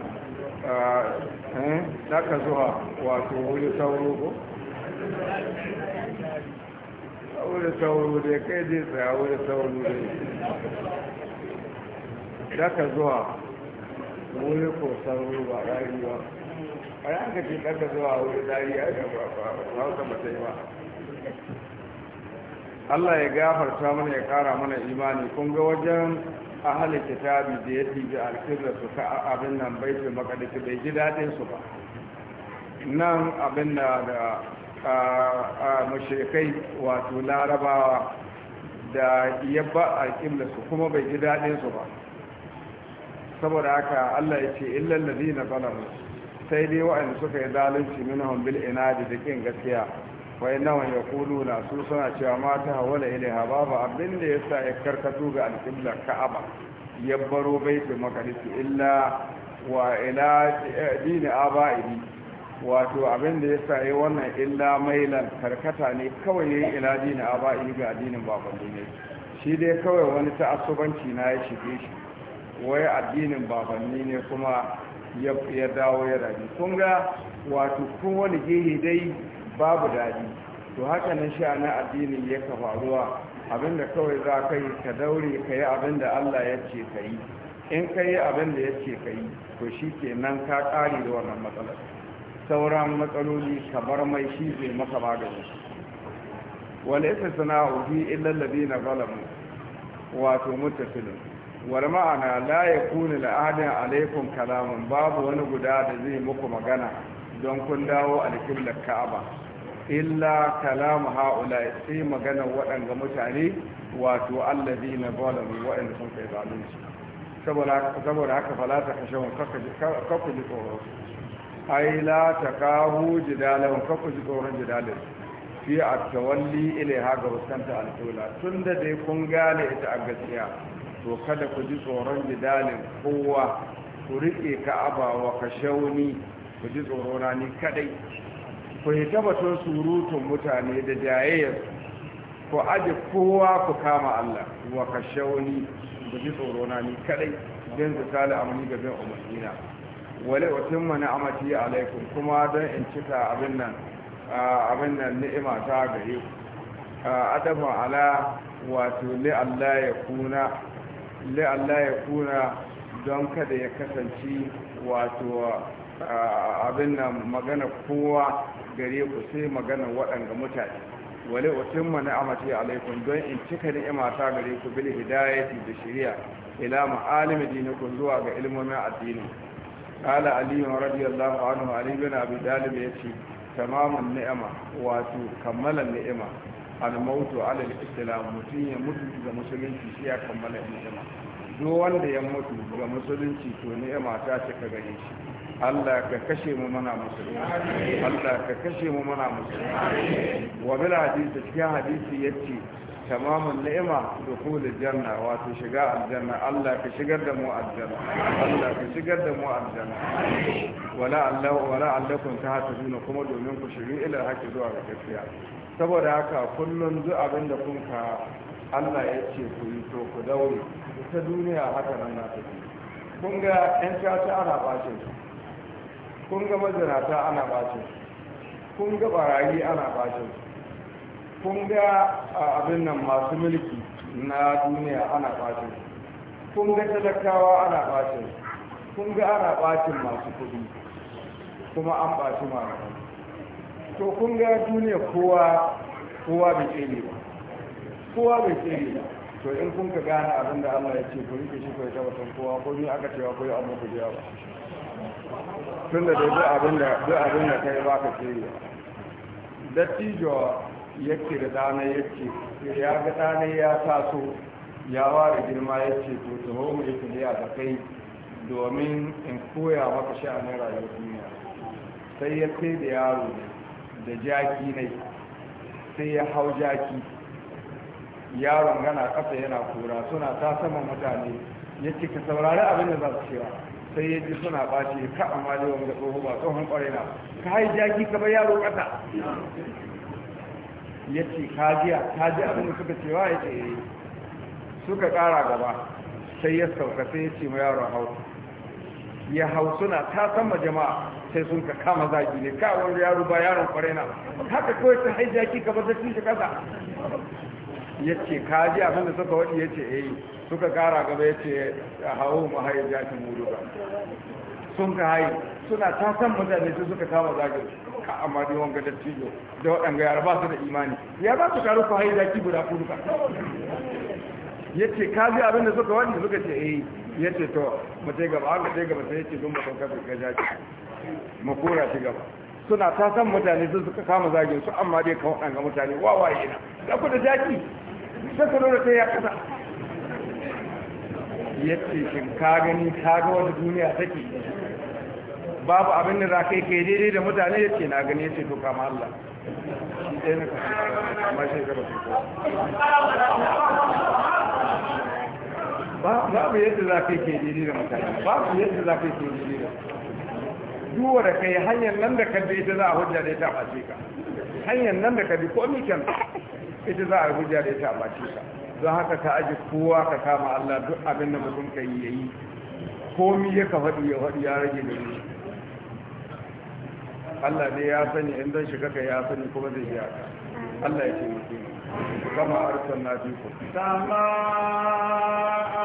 eh, daka zuwa wato wuri sauro da sauro dai kai zai tsayawo da sauro dai daga zuwa wuri ko sauro ba rari ba a yi aka ce daga zuwa wuri rari ya ga ba ba ba ba ba Allah ya gafarta mana ya kara mana imani kun ga wajen ahalin kitabi da ya ɗibi alkirra su ka abin nan baitul maqdis bai ji daɗin su ba nan abin da mashirikai wato larabawa da yabba a su kuma bai ji su ba saboda haka allah ya ce illan lalina zalamu sai dai waɗanda suka yi zalunci minahun bil ina da jikin gaskiya wai nawa ya kulu na su suna cewa mata hawala haba ba abin da ya sa ya karkato ga alƙibla ka'aba ya baro baitul maqdis illa wa ila dini abaidi wato abin da ya sayi wannan illa mailan karkata ne kawai ya yi iladi na aba yi ga addinin baban ne shi dai kawai wani ta asubanci na ya shige shi wai addinin babanni ne kuma ya dawo ya rabi kun ga wato wani gehe dai babu daɗi to haka nan sha na addinin ya ka faruwa abin da kawai za ka yi ka daure ka yi abin da allah ya ce ka yi in ka yi abin da ya ce ka yi to shi ke nan ka ƙari da wannan matsalar sauran matsaloli ka mai shi zai maka magani wani isa sana'u fi illallabi na zalamu wato mutafilin wani ma'ana la ya kuni la'adin alaikun kalamun babu wani guda da zai muku magana don kun dawo a alkiblar ka'aba illa kalamu ha'ula sai magana waɗanga mutane wato allazi na zalamu waɗanda sun kai zalunci saboda haka falata kashe kakku ji su. ai la taqahu jidalan ka ku ji tsoron jidalan fi at-tawalli ilai ga wasanta al-tawla tunda dai kun gane ita a gaskiya to kada ku ji tsoron jidalan kowa ku rike abawa wa shauni ku ji tsoro na ni kadai ku yi tabbatar surutun mutane da jayayyar ku aje kowa ku kama Allah wa shauni ku ji tsoro na ni kadai dan zakala amani gaban umarnina wale watin mana amati alaikun kuma don in cika abin nan abin nan ni'ima ta gare ku adafa ala wato li'allah ya kuna don kada ya kasance wato abin nan magana kowa gare ku sai magana waɗanda mutane wale watin mana amati alaikun, don in cika ni'ima ta gare ku bil hidayati da shirya ila ma'alimi dinikum zuwa ga ilmomin addini قال علي رضي الله عنه علي بن أبي طالب يتي تمام kammala واتو كمل النعمة al على الإسلام ya يموت إذا Musulunci, في شيء kammala النعمة duk wanda ya mutu ga musulunci to ni'ima ta cika gare shi Allah ka kashe mu mana musulmi Allah ka kashe mu mana musulmi wa bil cikin hadisi yace tamamun ni'ima dukhulul janna wato shiga aljanna Allah ka shigar da mu aljanna ka shigar da mu wala Allah wala allakum tahtaduna kuma domin ku shiru ila haƙi zuwa ga saboda haka kullun duk abin da ka Allah ya ce ku yi to ku daure ta duniya haka na tafi kun ga ƴan tata ana bacin kun ga mazinata ana bacin kun ga barayi ana bacin kun ga abin nan masu mulki na duniya ana bacin kun ga talakawa ana bacin kun ga ana bacin masu kudi kuma an baci mara, to kun ga duniya kowa kowa bai tsere ba kowa bai tsere ba to in kun ka gane abin da Allah ya ce ku rike shi ku ya tabbatar kowa ko ni aka cewa ko yi amma ku ba tun da dai duk abin da kai ba ka tsere ba dattijo yake da dana yake ya ga dana ya taso ya ware girma ya ce to taho mu yi kuliya da kai domin in koya maka sha'anin rayuwar duniya sai ya sai da yaro da jaki ne sai ya hau jaki yaron gana ƙasa yana kura suna ta saman mutane ya ce ka saurari abin da za su cewa sai ya suna ɓaci ka amma da wanda tsohon ba tsohon na ka hai jaki ka bar yaro ƙasa ya ce kajiya kajiya abin da suka cewa ya ce eh. suka kara gaba sai ya sauka sai ya ce ma yaro hau ya hau suna ta sama jama'a sai sun ka kama zagi ne ka wani yaro ba yaron kwarai na haka kawai ta haija ki ka bazar shi kasa ya ce kaji abin da suka waɗi ya ce eh suka kara gaba ya ce hau mu haija ki mudu ba. sun ka haye suna ta san mutane su suka kama zagin ka amma da wanga da cijo da waɗanga yara ba su da imani ya ba su karu kwaye haye zaki guda ku Ya yace ka ji abin da suka wani suka ce eh yace to mace tai gaba an tai gaba sai yace don ba ka ga zaki mu shi gaba suna ta san mutane su suka kama zagin su amma dai ka waɗanga mutane wawaye na da ku da zaki sai ku lura sai ya kasa ya shi ka gani ka ga wata duniya take babu abin da za ka yi kai daidai da mutane ya na gani ya ce to kama Allah shi ɗaya na kasu shi ko babu yadda za ka yi kai daidai da mutane babu yadda za ka yi kai daidai da duwa da kai hanyar nan da ka bi ita za a hujja da ita a ka hanyar nan da ka bi ko mikan ita za a hujja da ita a ka don haka ka aji kowa ka kama Allah duk abin da mutum ka yi yi komi ya ka faɗi ya faɗi ya rage da ne Allah ne ya sani in don shiga ka ya sani kuma zai biya ka Allah ya ce mutum kama arsan na fi ku kama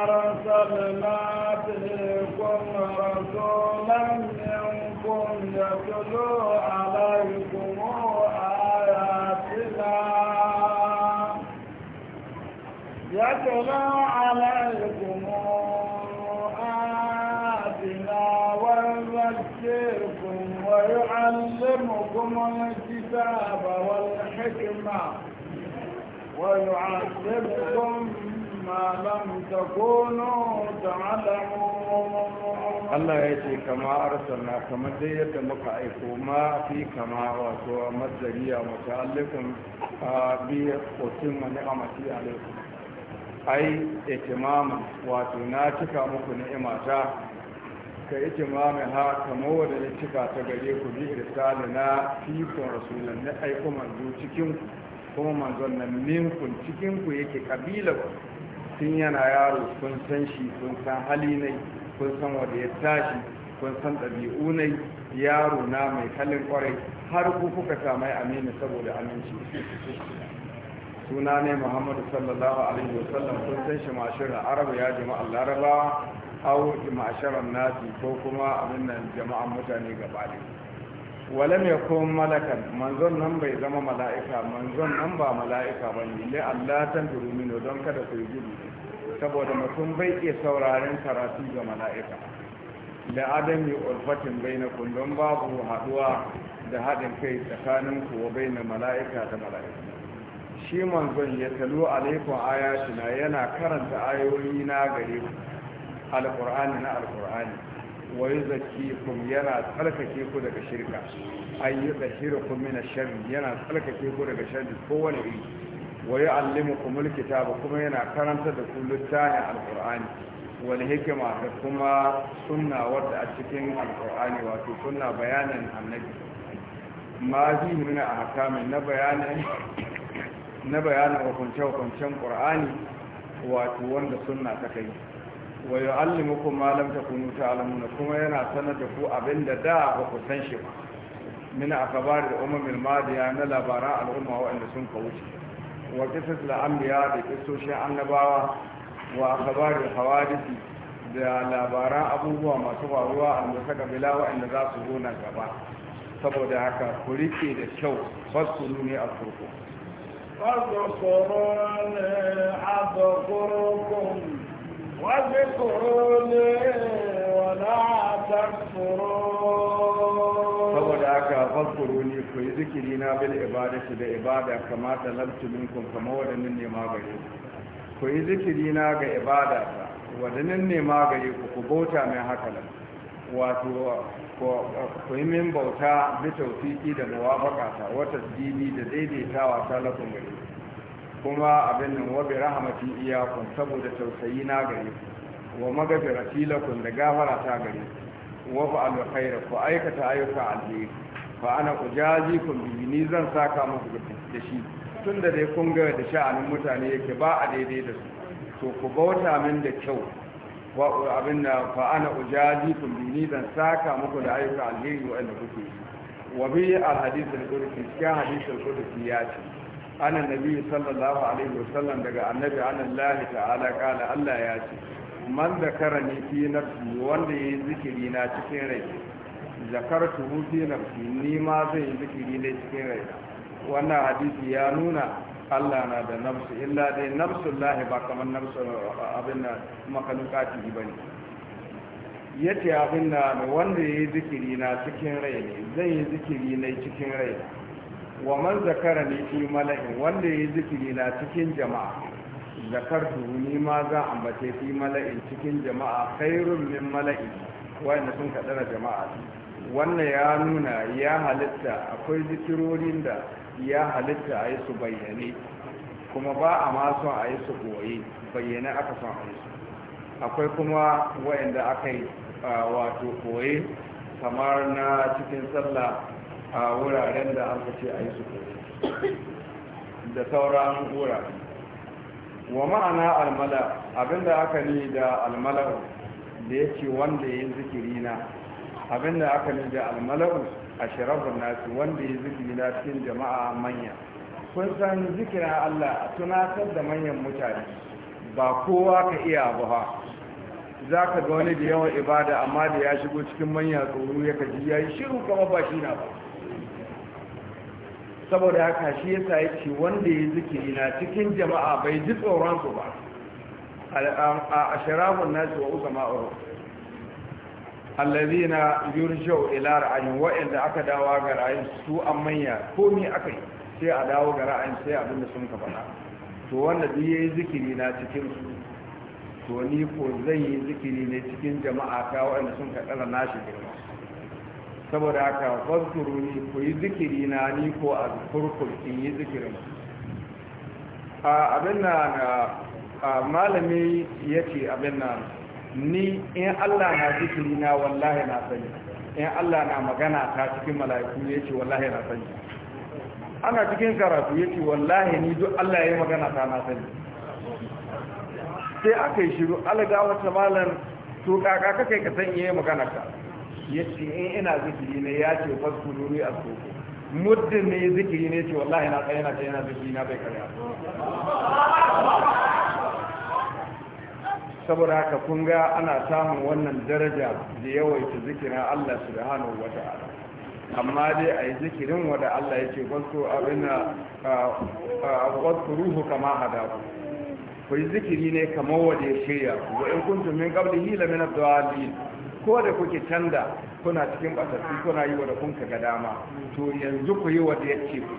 arsan na fi kun rasulan min kun ya tulo alaikum عليكم آتنا ويذكركم ويعلمكم الكتاب والحكمة ويعلمكم ما لم تكونوا تعلمون الله يأتي ما أرسلنا كما ديت مقائكو ما في كما وسوى مزدرية متعلكم آه، بقسم نعمتي عليكم ai itimama wato na cika muku ni'imata ka itimami ha kama wadda na cika ta gare ku bi irisali na rasulun ne na aiko manzo cikin kuma manzon nan ninkun cikin ku yake kabila ku. tun yana yaro kun san shi kun san hali ne kun san wanda ya tashi kun san ɗabi'u ne yaro na mai kallin kwarai har ku kuka samai Aminu saboda aminci suna ne muhammadu sallallahu alaihi wasallam sun san shi mashirin arabu ya jama'a larabawa au mashirin nasi ko kuma abin nan jama'an mutane gaba ne walam ya kuma malakan manzon nan bai zama mala'ika manzon nan ba mala'ika ba ne ne allah duru turumino don kada ku yi gudu saboda mutum bai iya sauraren karatu ga mala'ika da adam yi ulfatin bai na kundin babu haduwa da haɗin kai tsakanin kuwa bai na mala'ika da mala'ika shi manzon ya talo alaikun ayatina yana karanta ayoyi na gare ku alkur'ani na alkur'ani wa yi yana tsarkake ku daga shirka an yi tsakira ku mina sharri yana tsarkake ku daga sharri kowane iri wa yi allimu ku mulkita ba kuma yana karanta da ku littafin alkur'ani wani hikima da kuma sunna wadda a cikin alkur'ani wato sunna bayanin annabi ma zai nuna a hakamin na bayanin na bayanin hukunce-hukuncen ƙur'ani wato wanda sunna ta kai wa yu'allimukum ma lam takunu ta'lamuna kuma yana sanar da ku abinda da ba ku san shi ba min akbar da umamil madiya na labaran al'umma wanda sun ka wuce wa qisas da qissoshin annabawa wa akbar da hawadith da labaran abubuwa masu faruwa a musaka bila wa'anda za su zo nan gaba saboda haka ku rike da kyau fasu ne a kurkuku فاذكرون أذكركم واذكروني ولا تكفرون saboda haka fasuru ne zikiri na bil ibadati da ibada wadannan ne zikiri na ga ibada ku bauta mai haka wato muhimmin bauta bi taufiki da muwafaka wata dini da daidaitawa ta lakum gari kuma abin nan wa bi rahmati iyakum saboda tausayi na gari wa magfirati lakum da gafara ta gari. wa fa al fa ku aikata ayyuka alheri fa ana ujazikum bi ni zan saka muku da shi tunda dai kun ga da sha'anin mutane yake ba a daidai da su to ku bauta min da kyau wa abin da fa ana ujaji kun bi ni dan saka muku da ayyuka alheri wa'anda kuke yi wa bi al hadith cikin hadith al ya ce ana nabi sallallahu alaihi wasallam daga annabi ana Allah ta'ala kala Allah ya ce man zakarani fi nafsi wanda yayi zikiri na cikin rai zakartu fi nafsi ni ma zai yi zikiri ne cikin rai wannan hadisi ya nuna Allah na da nafsu illa dai nafsu, lahi ba kamar nafsu uh, abin da kati ba ne ya ce abin da wanda ya yi zikiri na cikin rai ne zai yi zikiri na cikin rai wa man zakara ne fi mala'i, wanda ya yi zikiri na cikin jama'a Zakar ni ma za a ambace fi mala'in cikin jama'a khairun min mala'i wanda sun kaɗara jama'a wannan ya nuna ya halitta akwai zikirorin da ya halitta a yi su bayyane kuma ba a masu a yi su goye bayyane aka son a yi su akwai kuma wa'anda aka yi wato goye kamar na cikin sallah a wuraren da an ce a yi su goye da sauran wurare wa ma'ana almala abinda aka ni da almala da ya ce wanda ya yi zikirina abinda aka ni da almala'u a shirafin nasu wanda ya zikiri na cikin jama'a manya kun san zikirin allah a tunatar da manyan mutane ba kowa ka iya abu ha za ka ga wani da yawan ibada amma da ya shigo cikin manya tsoro ya kaji ya yi shiru kama ba shi na ba saboda haka shi ya sa yake wanda ya zikiri na cikin jama'a bai ji tsoron su ba a shirafin nasu wa uka ma'aurata na, yurja'u ila ra'ayin wa'anda aka dawo ga ra'ayin su an manya ko ni aka yi, sai a dawo ga ra'ayin sai abin da sun ka faɗa to wanda duk yayi zikiri na cikin su to ni ko zan yi zikiri ne cikin jama'a ta wa'anda sun ka nashi girma saboda haka fasuru ni ku yi zikiri na ni ko a kurkur in yi zikirin a abin na malami ya ce abin na ni in Allah na zikiri na wallahi na sani in Allah na magana ta cikin mala'iku ya ce wallahi na sani ana cikin karatu ya ce wallahi ni duk Allah ya magana ta na sani sai aka yi shiru alga wata malam to kaka ka kai ka san iya magana ka ya ce in eh, ina zikiri ne ya ce wasu a soko muddin ne zikiri ne ce wallahi na tsaye na tsaye na zikiri na bai karya saboda haka kun ga ana samun wannan daraja da yawaita zikirin Allah subhanahu wata'ala amma dai a yi zikirin wanda Allah ya ce wasu abinna wasu ruhu kama hada ku yi zikiri ne kamar wanda ya shirya wa in kun tumin qablihi hila min ad ko da kuke canda kuna cikin batattu kuna yi wa da kun ga dama to yanzu ku yi wanda ya ce ku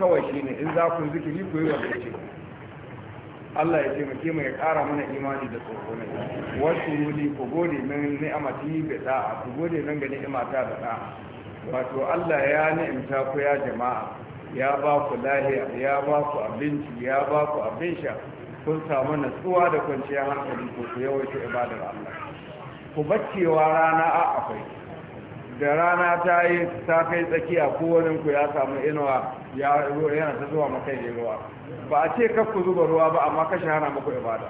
kawai shine in za ku zikiri ku yi wanda ya ce ku Allah ya taimake mu ya ƙara mana imani da tsoro wasu rudi ku gode min ni'amati da ku gode nan ga ni'imata da ɗa'a wato Allah ya ni'imta ku ya jama'a ya ba ku lahiya ya ba ku abinci ya ba ku abin sha kun samu natsuwa da kwanciyar hankali ko ku yawaita ibadar Allah ku bacewa rana a akwai da rana ta yi ta kai tsakiya wani ku ya samu inuwa ya ruwa yana ta zuwa maka yi ruwa ba a ce kar ku zuba ruwa ba amma kashe hana muku ibada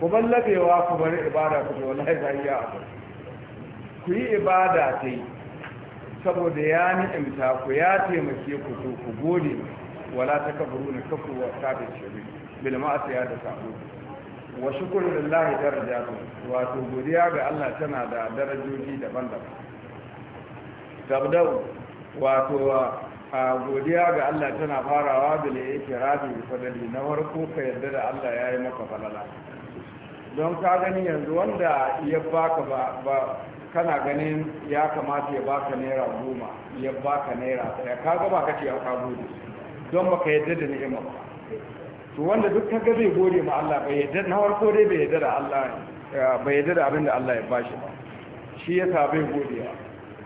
ku ballabewa ku bari ibada ku ce wallahi ta ya abu ku yi ibada ta yi saboda ya ni'imta ku ya taimake ku to ku gode wala ta kafaru ne kafu wa sabin shiri bil ma'asiya da sabo wa shukuru lillahi wato godiya ga Allah tana da darajoji daban-daban tabda'u wato a godiya ga Allah tana farawa da ne yake rabi fadali na farko ka yarda da Allah ya yi maka falala don ka gani yanzu wanda ya baka ba kana ganin ya kamata ya baka naira goma ya baka naira ɗaya ka ga baka ce ya gode. don baka yarda da ni'ima ba to wanda duk ka ga zai gode ma Allah bai yarda na farko dai bai yarda da Allah bai yarda da abin da Allah ya bashi ba shi yasa bai godiya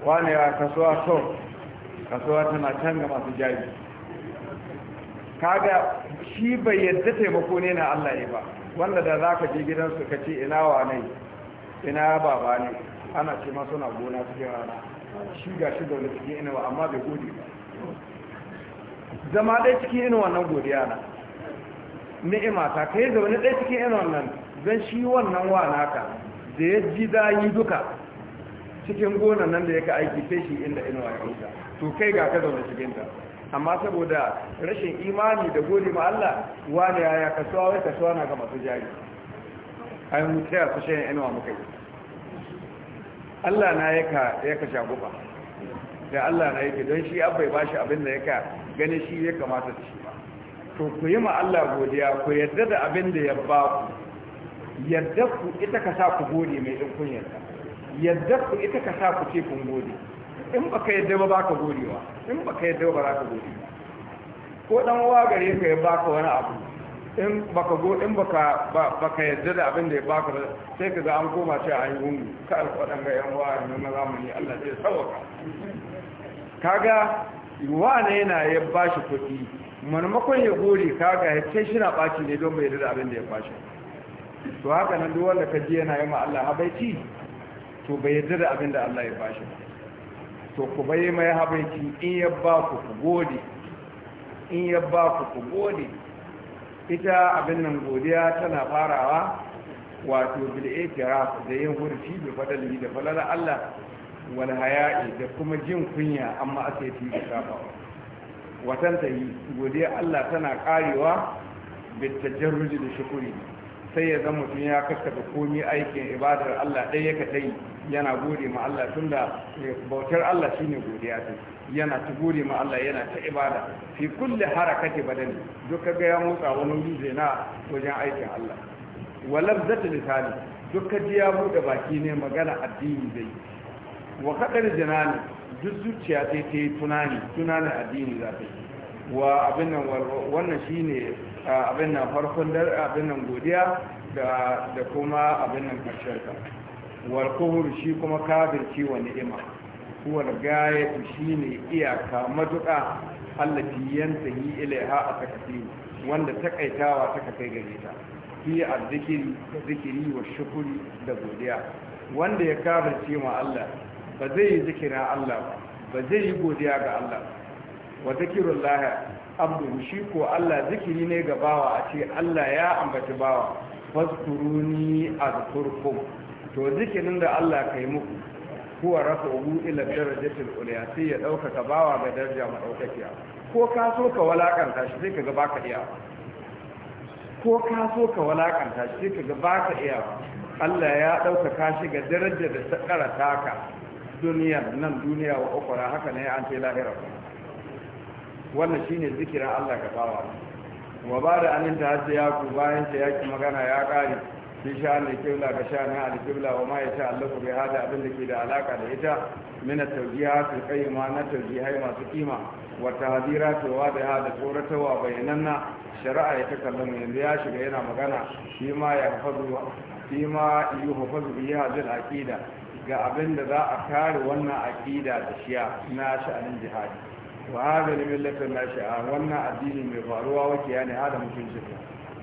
wane ya kasuwa so kasuwa tana can ga masu jari kaga shi bai yadda taimako ne na Allah ne ba wanda da za ka je gidansu ka ce ina wa ne ina baba ne ana ce masu na gona cikin rana shi ga shi zaune cikin inuwa amma bai gode ba zama ɗaya cikin inuwa nan godiya na ni'ima ta kai zaune ɗaya cikin inuwa nan don shi wannan wa naka da ya ji yi duka cikin gona nan da yake aiki sai shi inda inuwa ya huta to kai ga ka zauna cikin ta amma saboda rashin imani da gode ma Allah wani ya kasuwa wai kasuwa na ga masu jari ai mu tsaya su shayin inuwa muka yi Allah na yaka ka shagufa da Allah na yake don shi abai bashi abin da yaka gani shi ya kamata shi ba to ku yi ma Allah godiya ku yarda da abin da ya ba ku yarda ku ita ka sa ku gode mai din kunyarka yadda ku ita ka sa ku ce kun gode in ba ka yadda ba ba ka godewa in ba ka yadda ba za ka gode ko dan uwa gare ka ya ka wani abu in baka go in ba ka yadda da abin da ya baka ba sai ka ga an koma ce a yi gungu ka alƙadan ga yan wa ne na zamani Allah zai sauka kaga ne yana ya bashi kuɗi manamakon ya gode kaga ya ce shi na ɓaci ne don bai yadda da abin da ya bashi to haka nan duk wanda ka ji yana yi ma Allah habaici to bai yarda da abin da Allah ya bashi ba to ku bai mai habaici in ya ba ku ku gode in ya ba ku ku gode ita abin nan godiya tana farawa wato bil da yin hurfi bi fadali da falala Allah wal haya'i da kuma jin kunya amma ake fi da kafawa watan ta yi godiya Allah tana karewa bi rudi da shukuri sai ya zama mutum ya kaskata komi aikin ibadar Allah ɗaya ya ta yana gode ma Allah tunda eh, bautar Allah shine godiya ta yana ta gode ma Allah yana ta ibada fi kulli harakati badani duk kaga ya motsa wani wuri na wajen aikin Allah wa zata misali duk ka ji ya bude baki ne magana addini zai wa kadar jinani duk zuciya ta yi tunani tunanin addini za ta yi wa abin nan wannan shine abin nan farkon abin nan godiya da kuma abin nan karshen ta shi kuma kafirci wa ni'ima huwa gaya ne iyaka matuƙa allati yi ilaiha a takfiri wanda takaitawa ta kai gare ta fi azzikiri zikiri wa shukuri da godiya wanda ya kafirce ma Allah ba zai yi zikira Allah ba zai yi godiya ga Allah wa zikirullahi abdu shi ko Allah zikiri ne ga bawa a ce Allah ya ambaci bawa faskuruni azkurkum to zikirin da Allah kai muku rasa ubu ila darajatil ulya sai ya dauka bawa ga daraja madaukakiya ko ka so ka walakanta shi sai ka baka iya ko ka so ka walakanta shi sai kaga baka iya Allah ya dauka shi ga darajar da ta karata ka duniyar nan duniya wa ukura haka ne an ce lahira wannan shine zikirin Allah ka bawa wa ba da anin ta ya ku bayan ta yaki magana ya kare shi sha ne kibla ga da na alkibla wa ma ya sha Allah ku bai hada abin da ke da alaka da ita min at-tawjihat al ma na tawjihai masu kima wa tahdirat wa da da tsoratawa bayananna shari'a ya ta kallon yanzu ya shiga yana magana shi ma ya hafazu shi ma yuhafazu bihi hadhihi ga abin da za a kare wannan akida da shiya na sha'anin jihadi wa hada ne millatin nashi a wannan addinin mai faruwa wake ya ne hada mutunci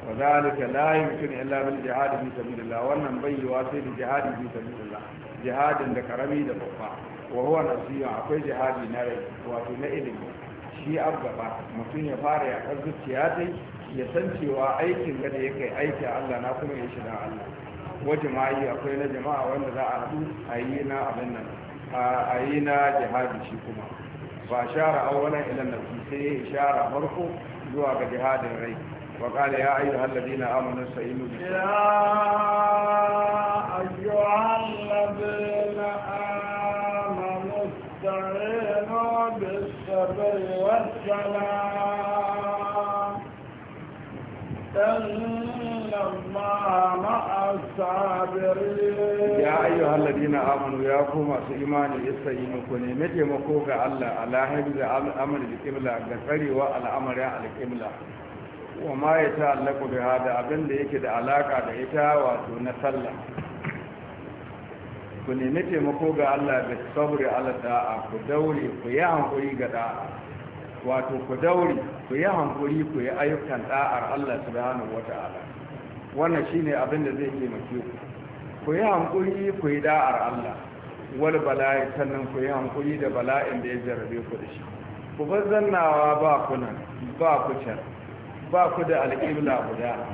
wa zalika la yumkin illa bil jihad fi sabilillah wannan bayyawa sai da jihadi fi sabilillah jihadin da karami da babba wa huwa nasiya akwai jihadi na rai wato na ilimi shi abgaba mutum ya fara ya zuciya dai ya san cewa aikin da ya kai aiki Allah na kuma ya shiga Allah wa jama'i akwai na jama'a wanda za a haɗu a na jihadi shi kuma فأشار أولا إلى النفسي إشارة مرفو جوا بجهاد الغيب وقال يا أيها الذين آمنوا سيموا سيئنوا يا أيها الذين آمنوا استعينوا بالسبيل والسلام الله مع الصابرين يا أيها الذين آمنوا يا قوم إيمان يستعينكم نمت مكوك الله على حفظ أمر القبلة قصري وعلى أمر القبلة وما يتعلق بهذا أبن ليك العلاقة بإتا وأتون صلى ku nemi taimako ga Allah da sabri ala da'a ku daure ku yi hankuri ga da'a wato ku daure ku yi hankuri ku yi ayyukan da'ar Allah subhanahu wata'ala wannan ne abin da zai ke ku ku yi hankuri ku yi da'ar Allah wani bala'i sannan ku yi hankuri da bala'in da ya jarabe ku da shi ku bar zannawa ba ku nan ba ku can ba ku da alƙibla guda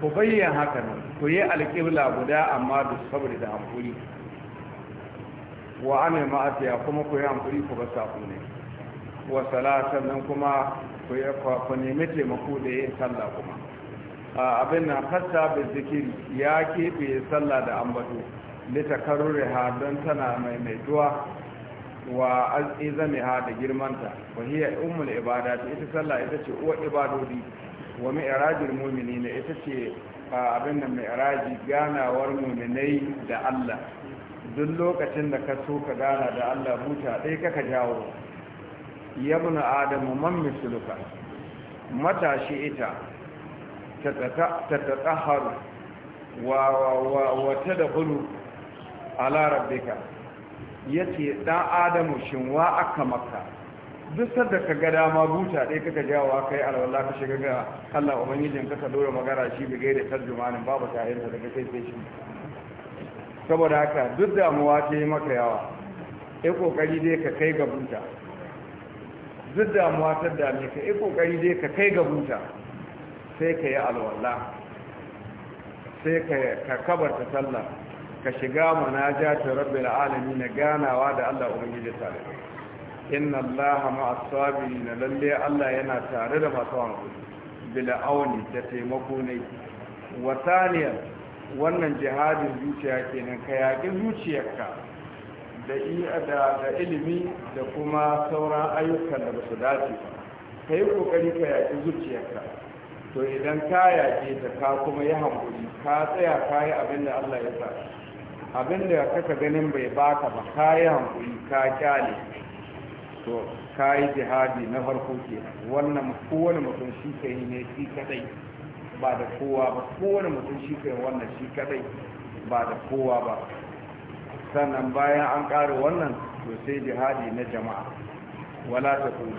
ku bayyan haka nan ku yi alƙibla guda amma da saboda da hankuri wa ame ma'afiya kuma ku yi hankuri ku ba saku ne wa sala sannan kuma ku nemi taimako da yin sallah kuma abin nan hatta bi zikiri ya kefe sallah da ambato litakarrure ha don tana maimaituwa wa azizami ha da girmanta wa hiya ummul ibada ta ita sallah ita ce uwa ibadodi wa mumini ne ita ce abin nan mi'raji ganawar mu'minai da Allah duk lokacin da ka so ka gana da Allah buta dai kaka jawo Yabna adamu man misluka matashi ita tatatahharu wa wa wa tadkhulu ala rabbika yace dan adamu wa aka makka duk sadda ka ga dama buta dai kaka jawa kai alwala ka shiga ga Allah ubangijin ka ka dora magana shi bi gaida tarjumanin babu tahirta daga kai sai shi saboda haka duk da mu wa yi maka yawa ya kokari dai ka kai ga buta duk damuwa ta ne, ka ya kokari dai ka kai ga buta sai ka yi alwala sai ka kabarta sallah ka shiga manajatin rabbil alami na ganawa da Allah ubangiji tare inna allaha sabi na lalle Allah yana tare da masu hankali bil auni da taimako ne wa wannan jihadin zuciya kenan ka yaƙi zuciyarka da da ilimi da kuma sauran ayyukan da ba su dace ka yi ƙoƙari ka yaƙi zuciyarka to idan ka yaje da ka kuma yi hankuri ka tsaya ka yi abin da allah ya sa abin da kaka ganin bai baka ba ka yi hankuri ka kyale to ka yi jihadi na farko ke wannan kowane mutum shi ka yi ne shi kadai ba da kowa ba kowane mutum shi ka yi wannan shi kadai ba da kowa ba sannan bayan an ƙara wannan to sai jihadi na jama'a wala ta kuma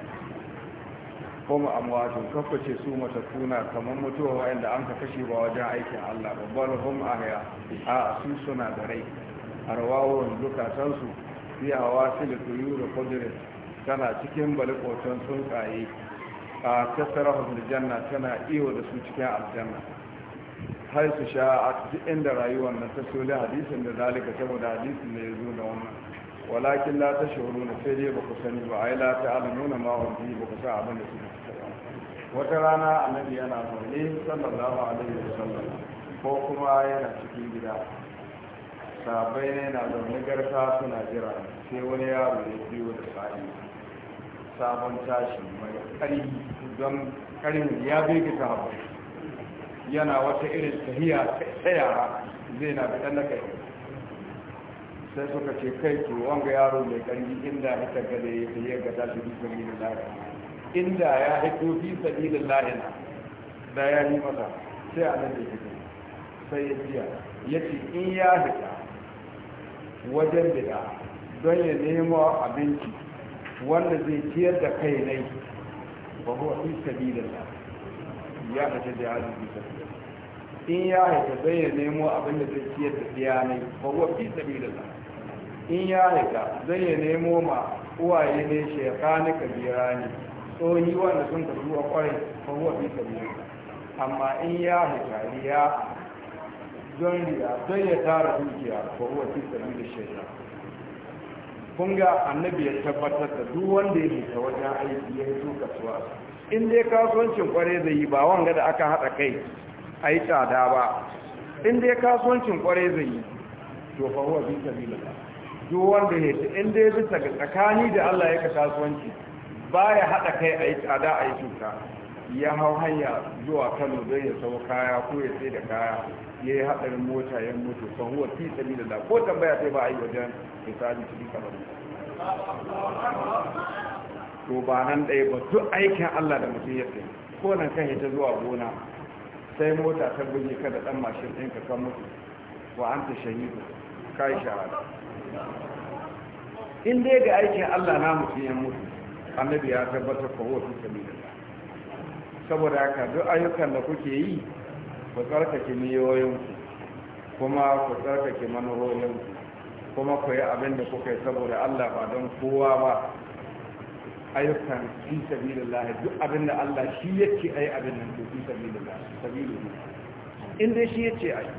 kuma amwatun kaface su matakuna kamar mutuwa wa'anda an ka kashe ba wajen aikin Allah babbar hum ahya a su suna da rai a rawawon zukatansu su da tuyu da tana cikin balikotan tsuntsaye a tattara janna tana iyo da su cikin aljanna har su sha a cikin da rayuwar nan ta soli hadisin da zalika saboda hadisin da ya zo da wannan walakin la ta na sai dai ba ku sani ba ai la ta alamuna ba ku sa abin da wata rana annabi yana zaune sallallahu alaihi wasallam ko kuma yana cikin gida sabai ne na zaune garka suna jira sai wani yaro ya biyo da sa'i sabon tashi mai ƙari don ƙarin ya bai gita haɓu yana wata irin tahiya ta yara zai na fitan da kai sai suka ce kai to wanga yaro mai ƙari inda haka gada ya tafiya ga tashi dukkan yi da lafiya inda ya haito fi sabilin lahina da ya yi mata sai a nan da fito sai ya biya ya ce in ya fita wajen bida don ya nemo abinci wanda zai ciyar da kai nai ba kuwa fi sabilin ya fita da ya yi fi sabilin in ya haita zai ya nemo abin da zai ciyar da biya yi ba kuwa fi sabilin in ya haita zai ya nemo ma uwaye ne shekani kabira ne tsohi wanda sun tafi a kwarai ko huwa fi sabi amma in ya hikari ya don riya don ya tara dukiya ko huwa fi sabi da shaida kun ga annabi ya tabbatar da duk wanda ya fita wajen aiki ya fito kasuwa in dai kasuwancin kwarai zai yi ba wanga da aka haɗa kai a yi tsada ba in dai kasuwancin kwarai zai yi to fa huwa fi sabi duk wanda ya fita in dai bisa ga tsakani da Allah ya ka kasuwanci baya hada kai a yi tsada a yi cuta ya hau hanya zuwa kano don ya sau kaya ko ya sai da kaya ya yi haɗarin mota ya mutu huwa fi tsami da ko tambaya sai ba a yi wajen misali cikin kamar to ba nan ɗaya ba duk aikin allah da mutum ya sai ko nan kan ta zuwa gona sai mota ta buge ka da ɗan mashin ɗinka kan mutu wa an ta shahidu ka yi shahada in dai ga aikin allah na mutum ya mutu annabi ya tabbatar fa huwa fi sabilillah saboda haka duk ayyukan da kuke yi ku tsarkake niyoyinku kuma ku tsarkake manuroyinku kuma ku yi abin da kuka yi saboda Allah ba don kowa ba ayyukan fi sabilillah duk abin da Allah shi yake ayi abin nan to fi sabilillah sabilillah in inda shi yake ayi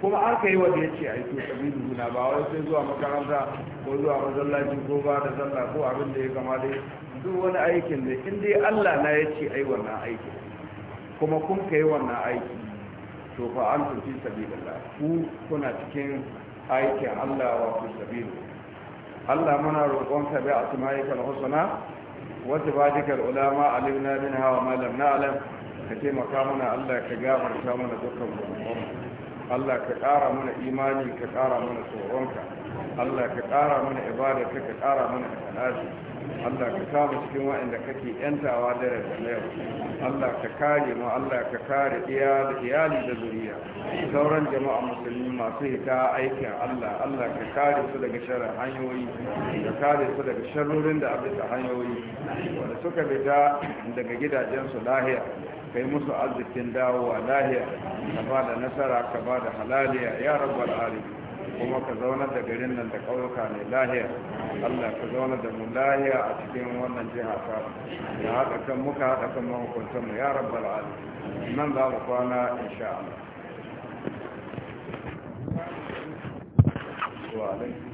kuma an ka yi wanda ya ce a yi to sabidu na ba wai sai zuwa makaranta ko zuwa masallaci ko ba da sallah ko abin da ya kama dai duk wani aikin da in dai Allah na ya ce ai wannan aikin kuma kun ka yi wannan aiki to fa an tafi sabilillah ku kuna cikin aikin Allah wa ku sabilu Allah muna roƙon ka bi asma'ika al-husna wa tibadika al-ulama alimna minha wa ma lam na'lam ka taimaka mana Allah ka gafarta mana dukkan mu Allah ka ƙara mana imani ka ƙara mana tsoronka Allah ka ƙara mana ibada ka ka ƙara mana ikhlasi Allah ka kama cikin waɗanda kake yantawa da da yau Allah ka kare mu Allah ka kare iyali da zuriya sauran jama'a musulmi masu hita aikin Allah Allah ka kare su daga sharar hanyoyi ka kare su daga sharrorin da abin da hanyoyi wanda suka fita daga gidajensu lahiya kai musu arzikin dawowa lahiya ka ba da nasara ka ba da halaliya ya rabbal alamin kuma ka zaunar da garin nan da ƙauyuka ne lahiya allah ka zaunar da mu lahiya a cikin wannan jiha ta da haɗa kan muka haɗa kan mahukuntan mu ya rabbal alamin nan za mu kwana insha Allah